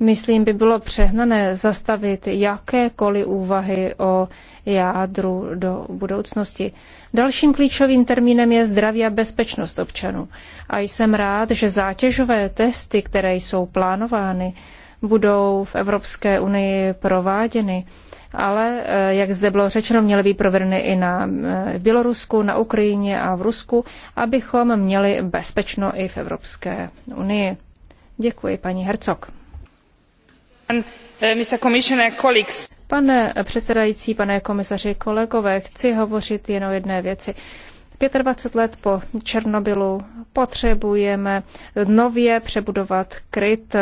myslím, by bylo přehnané zastavit jakékoliv úvahy o jádru do budoucnosti. Dalším klíčovým termínem je zdraví a bezpečnost občanů. A jsem rád, že zátěžové testy, které jsou plánovány, budou v Evropské unii prováděny. Ale, eh, jak zde bylo řečeno, měly být provedeny i na eh, Bělorusku, na Ukrajině a v Rusku, abychom měli bezpečno i v Evropské unii. Děkuji, paní Hercog. Uh, pane předsedající, pane komisaři, kolegové, chci hovořit jen o jedné věci. 25 let po Černobylu potřebujeme nově přebudovat kryt,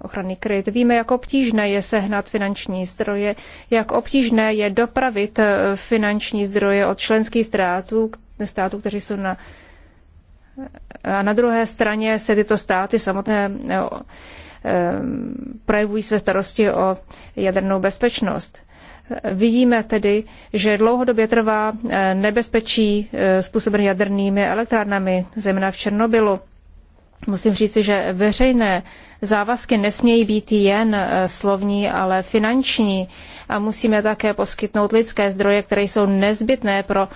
ochranný kryt. Víme, jak obtížné je sehnat finanční zdroje, jak obtížné je dopravit eh, finanční zdroje od členských států, států kteří jsou na a na druhé straně se tyto státy samotné eh, Ehm, projevují své starosti o jadernou bezpečnost. Vidíme tedy, že dlouhodobě trvá eh, nebezpečí eh, způsobené jadernými elektrárnami, zejména v Černobylu. Musím říci, že veřejné závazky nesmějí být jen eh, slovní, ale finanční a musíme také poskytnout lidské zdroje, které jsou nezbytné pro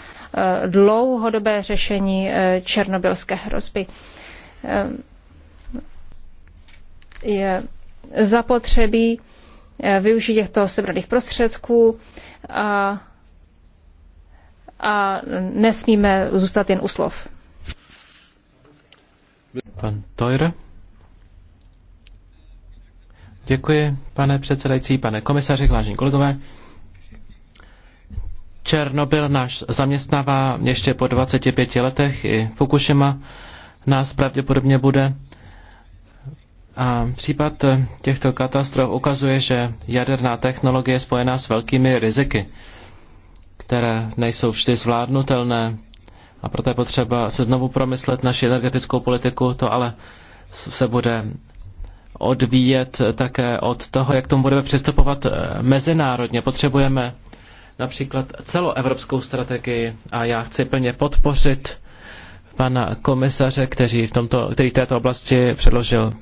dlouhodobé řešení černobylské hrozby. Ehm, je zapotřebí eh, využít těchto sebraných prostředků a, a nesmíme zůstat jen u slov. Pan Tojr. Děkuji, pane předsedající, pane komisaři, vážení kolegové. Černobyl náš zaměstnává ještě po 25 letech i Fukushima nás pravděpodobně bude. A případ eh, těchto katastrof ukazuje, že jaderná technologie je spojená s velkými riziky, které nejsou vždy zvládnutelné. A proto je potřeba se znovu promyslet naši energetickou politiku, to ale se bude odvíjet také od toho, jak tomu budeme přistupovat eh, mezinárodně. Potřebujeme například celoevropskou strategii a já chci plně podpořit pana komisaře, který, v tomto, který v této oblasti předložil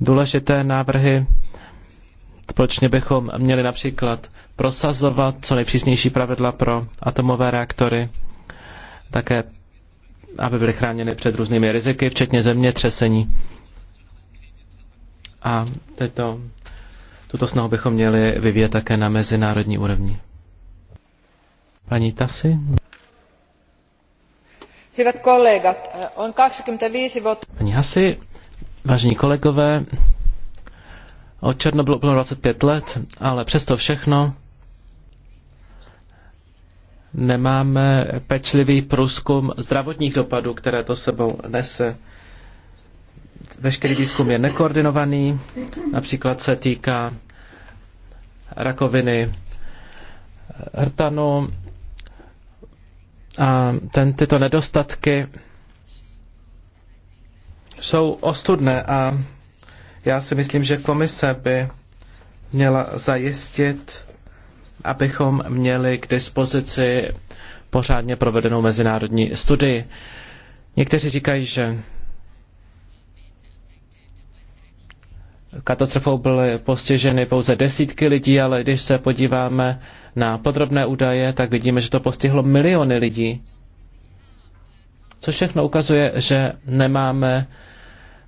důležité návrhy. Společně bychom měli například prosazovat co nejpřísnější pravidla pro atomové reaktory, také aby byly chráněny před různými riziky, včetně zemětřesení. A tyto, tuto snahu bychom měli vyvíjet také na mezinárodní úrovni. Paní Tasi? Hyvät kollegat, on 25 vuotta... Paní Hasi, Vážení kolegové, od Černobylu bylo 25 let, ale přesto všechno nemáme pečlivý průzkum zdravotních dopadů, které to sebou nese. Veškerý výzkum je nekoordinovaný, například se týká rakoviny hrtanu a ten, tyto nedostatky jsou ostudné a já si myslím, že komise by měla zajistit, abychom měli k dispozici pořádně provedenou mezinárodní studii. Někteří říkají, že katastrofou byly postiženy pouze desítky lidí, ale když se podíváme na podrobné údaje, tak vidíme, že to postihlo miliony lidí. Co všechno ukazuje, že nemáme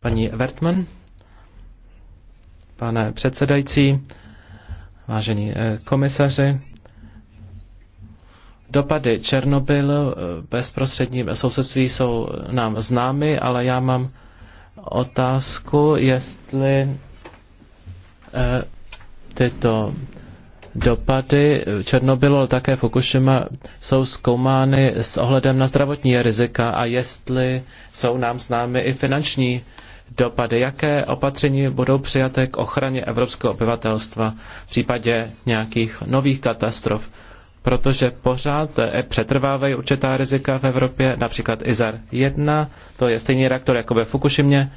Paní Wertmann, pane předsedající, vážení eh, komisaři, dopady Černobylu eh, bezprostředním sousedství jsou nám známy, ale já mám otázku, jestli eh, tyto Dopady Černobylu, ale také Fukushima jsou zkoumány s ohledem na zdravotní rizika a jestli jsou nám známy i finanční dopady, jaké opatření budou přijaté k ochraně evropského obyvatelstva v případě nějakých nových katastrof, protože pořád e, přetrvávají určitá rizika v Evropě, například IZAR 1, to je stejný reaktor jako ve Fukushimě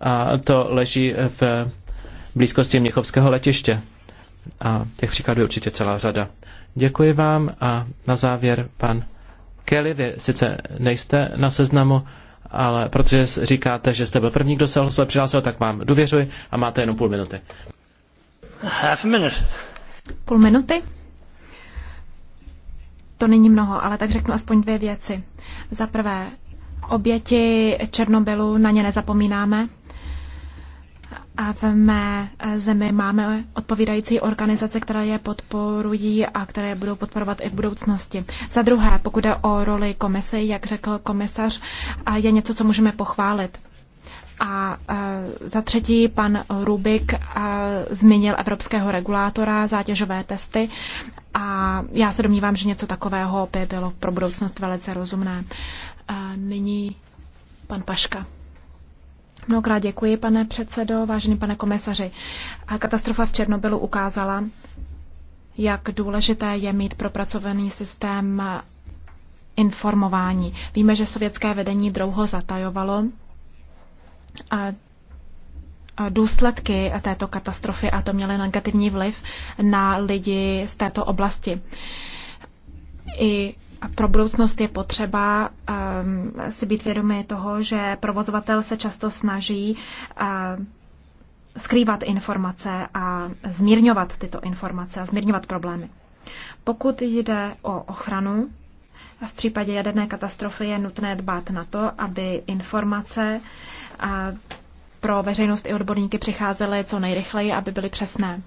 a to leží v blízkosti Měchovského letiště. A těch příkladů je určitě celá řada. Děkuji vám a na závěr pan Kelly, vy sice nejste na seznamu, ale protože říkáte, že jste byl první, kdo se hlasovat přihlásil, tak vám důvěřuji a máte jenom půl minuty. Half a minute. Půl minuty? To není mnoho, ale tak řeknu aspoň dvě věci. Za prvé, oběti Černobylu na ně nezapomínáme. A v mé eh, zemi máme odpovídající organizace, které je podporují a které budou podporovat i v budoucnosti. Za druhé, pokud jde o roli komise, jak řekl komisař, je něco, co můžeme pochválit. A eh, za třetí pan Rubik eh, zmínil evropského regulátora, zátěžové testy a já se domnívám, že něco takového by bylo pro budoucnost velice rozumné. A nyní pan Paška. Mnohokrát děkuji, pane předsedo, vážený pane komisaři. Katastrofa v Černobylu ukázala, jak důležité je mít propracovaný systém informování. Víme, že sovětské vedení dlouho zatajovalo a důsledky této katastrofy a to měly negativní vliv na lidi z této oblasti. I pro budoucnost je potřeba um, si být vědomý toho, že provozovatel se často snaží uh, skrývat informace a zmírňovat tyto informace a zmírňovat problémy. Pokud jde o ochranu, v případě jaderné katastrofy je nutné dbát na to, aby informace uh, pro veřejnost i odborníky přicházely co nejrychleji, aby byly přesné.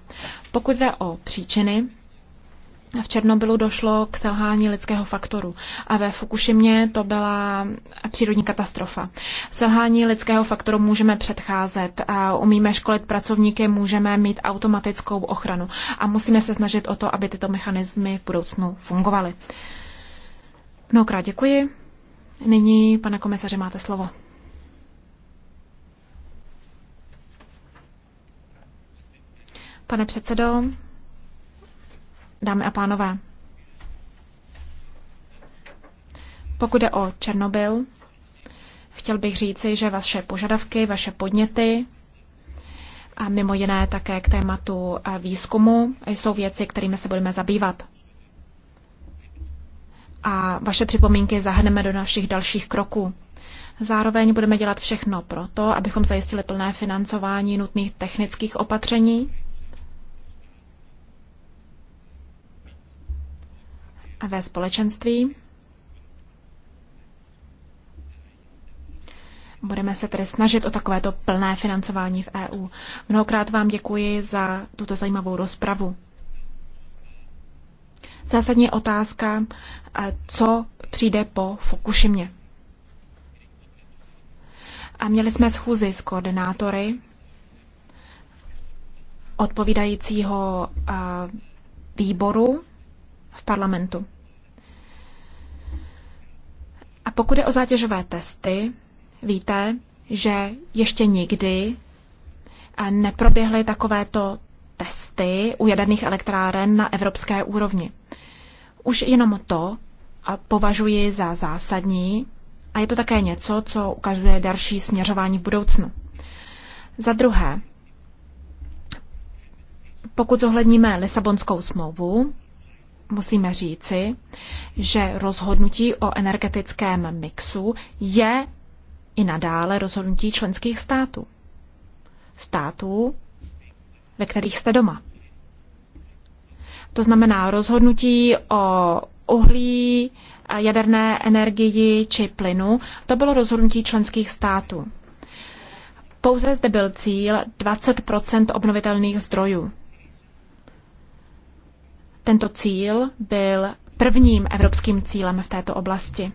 Pokud jde o příčiny, v Černobylu došlo k selhání lidského faktoru a ve Fukušimě to byla přírodní katastrofa. Selhání lidského faktoru můžeme předcházet, a umíme školit pracovníky, můžeme mít automatickou ochranu a musíme se snažit o to, aby tyto mechanismy v budoucnu fungovaly. Mnohokrát děkuji. Nyní, pane komisaře máte slovo. Pane předsedo, Dámy a pánové, pokud je o Černobyl, chtěl bych říci, že vaše požadavky, vaše podněty a mimo jiné také k tématu eh, výzkumu jsou věci, kterými se budeme zabývat. A vaše připomínky zahrneme do našich dalších kroků. Zároveň budeme dělat všechno pro to, abychom zajistili plné financování nutných technických opatření ve společenství. Budeme se tedy snažit o takovéto plné financování v EU. Mnohokrát vám děkuji za tuto zajímavou rozpravu. Zásadní otázka, co přijde po Fukushimě. A měli jsme schůzi s koordinátory odpovídajícího výboru v parlamentu. A pokud je o zátěžové testy, víte, že ještě nikdy eh, neproběhly takovéto testy u jaderných elektráren na evropské úrovni. Už jenom to považuji za zásadní a je to také něco, co ukazuje další směřování v budoucnu. Za druhé, pokud zohledníme Lisabonskou smlouvu, musíme říci, že rozhodnutí o energetickém mixu je i nadále rozhodnutí členských států. Států, ve kterých jste doma. To znamená rozhodnutí o uhlí, jaderné energii či plynu, to bylo rozhodnutí členských států. Pouze zde byl cíl 20 obnovitelných zdrojů. Tento cíl byl prvním evropským cílem v této oblasti.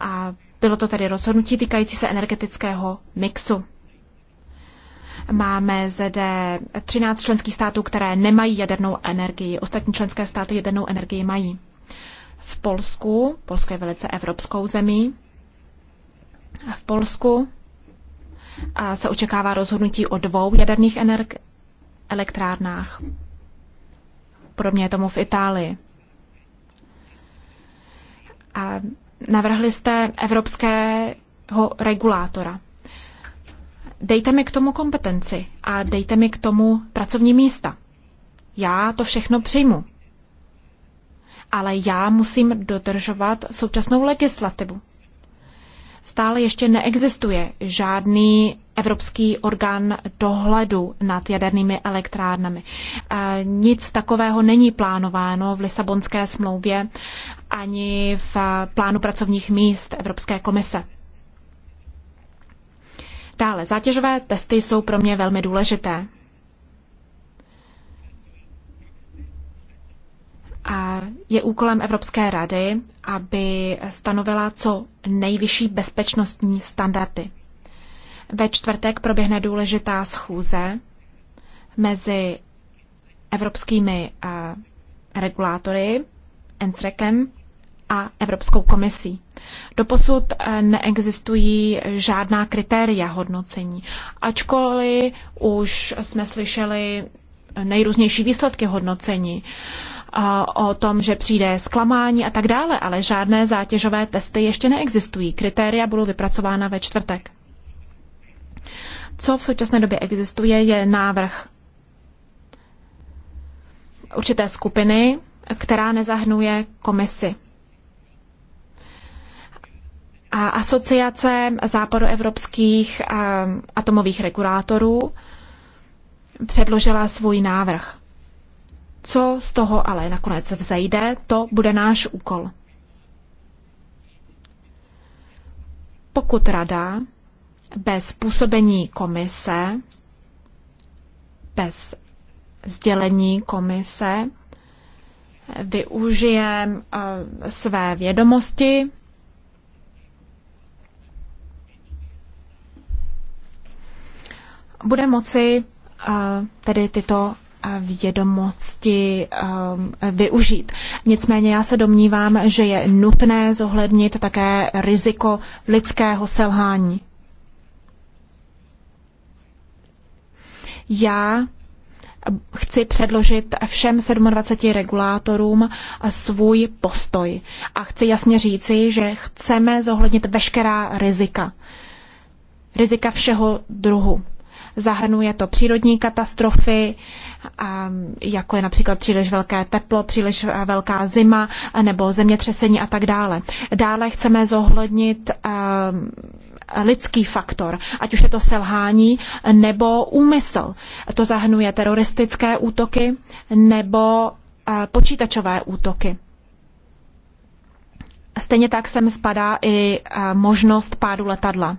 A bylo to tedy rozhodnutí týkající se energetického mixu. Máme zde 13 členských států, které nemají jadernou energii. Ostatní členské státy jadernou energii mají. V Polsku, Polsko je velice evropskou zemí, v Polsku se očekává rozhodnutí o dvou jaderných energi- elektrárnách. Podobně je tomu v Itálii. A navrhli jste evropského regulátora. Dejte mi k tomu kompetenci a dejte mi k tomu pracovní místa. Já to všechno přijmu. Ale já musím dodržovat současnou legislativu. Stále ještě neexistuje žádný evropský orgán dohledu nad jadernými elektrárnami. E, nic takového není plánováno v Lisabonské smlouvě ani v plánu pracovních míst Evropské komise. Dále, zátěžové testy jsou pro mě velmi důležité. je úkolem Evropské rady, aby stanovila co nejvyšší bezpečnostní standardy. Ve čtvrtek proběhne důležitá schůze mezi evropskými eh, regulátory, ENSRECem a Evropskou komisí. Doposud eh, neexistují žádná kritéria hodnocení, ačkoliv už jsme slyšeli nejrůznější výsledky hodnocení. Uh, o tom, že přijde zklamání a tak dále, ale žádné zátěžové testy ještě neexistují. Kritéria budou vypracována ve čtvrtek. Co v současné době existuje, je návrh určité skupiny, která nezahnuje komisi. A asociace západoevropských eh, atomových regulátorů předložila svůj návrh. Co z toho ale nakonec vzejde, to bude náš úkol. Pokud rada bez působení komise, bez sdělení komise využije eh, své vědomosti, bude moci eh, tedy tyto vědomosti um, využít. Nicméně já se domnívám, že je nutné zohlednit také riziko lidského selhání. Já chci předložit všem 27 regulátorům svůj postoj a chci jasně říci, že chceme zohlednit veškerá rizika. Rizika všeho druhu. Zahrnuje to přírodní katastrofy, jako je například příliš velké teplo, příliš e, velká zima nebo zemětřesení a tak dále. Dále chceme zohlednit e, lidský faktor, ať už je to selhání nebo úmysl. To zahrnuje teroristické útoky nebo e, počítačové útoky. Stejně tak sem spadá i možnost pádu letadla.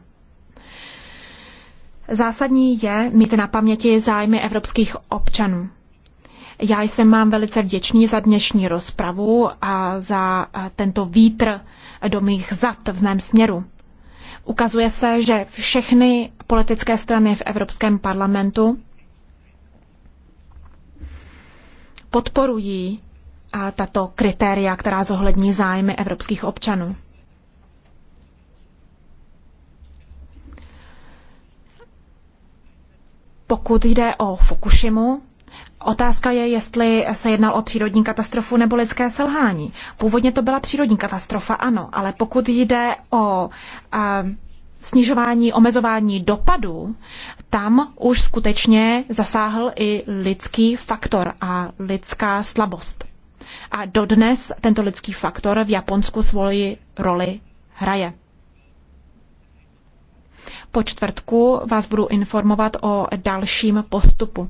Zásadní je mít na paměti zájmy evropských občanů. Já jsem mám velice vděčný za dnešní rozpravu a za tento vítr do mých zad v mém směru. Ukazuje se, že všechny politické strany v Evropském parlamentu podporují tato kritéria, která zohlední zájmy evropských občanů. Pokud jde o Fukushimu, Otázka je, jestli se jednal o přírodní katastrofu nebo lidské selhání. Původně to byla přírodní katastrofa, ano, ale pokud jde o a, snižování, omezování dopadů, tam už skutečně zasáhl i lidský faktor a lidská slabost. A dodnes tento lidský faktor v Japonsku svoji roli hraje. Po čtvrtku vás budu informovat o dalším postupu.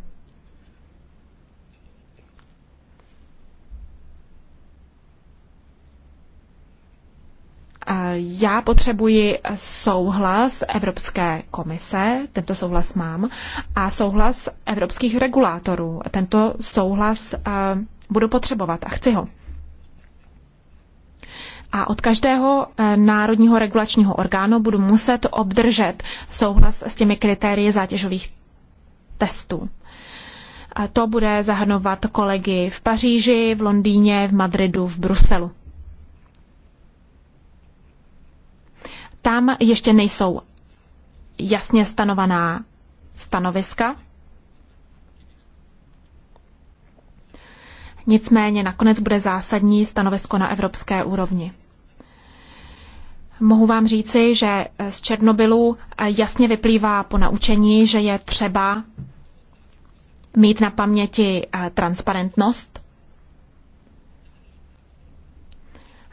Já potřebuji souhlas Evropské komise, tento souhlas mám, a souhlas evropských regulátorů. Tento souhlas eh, budu potřebovat a chci ho a od každého eh, národního regulačního orgánu budu muset obdržet souhlas s těmi kritérii zátěžových testů. A to bude zahrnovat kolegy v Paříži, v Londýně, v Madridu, v Bruselu. Tam ještě nejsou jasně stanovaná stanoviska. Nicméně nakonec bude zásadní stanovisko na evropské úrovni. Mohu vám říci, že z Černobylu eh, jasně vyplývá po naučení, že je třeba mít na paměti eh, transparentnost.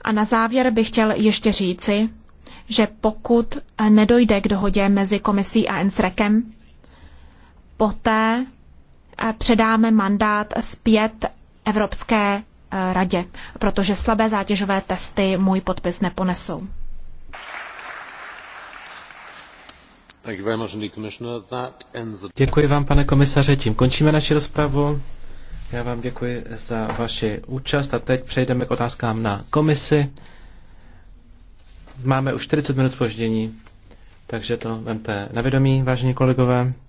A na závěr bych chtěl ještě říci, že pokud eh, nedojde k dohodě mezi komisí a NSREKem, poté předáme mandát zpět Evropské radě, protože slabé zátěžové testy můj podpis neponesou. Děkuji vám, pane komisaře, tím končíme naši rozpravu. Já vám děkuji za vaši účast a teď přejdeme k otázkám na komisi. Máme už 40 minut spoždění, takže to vemte na vědomí, vážení kolegové.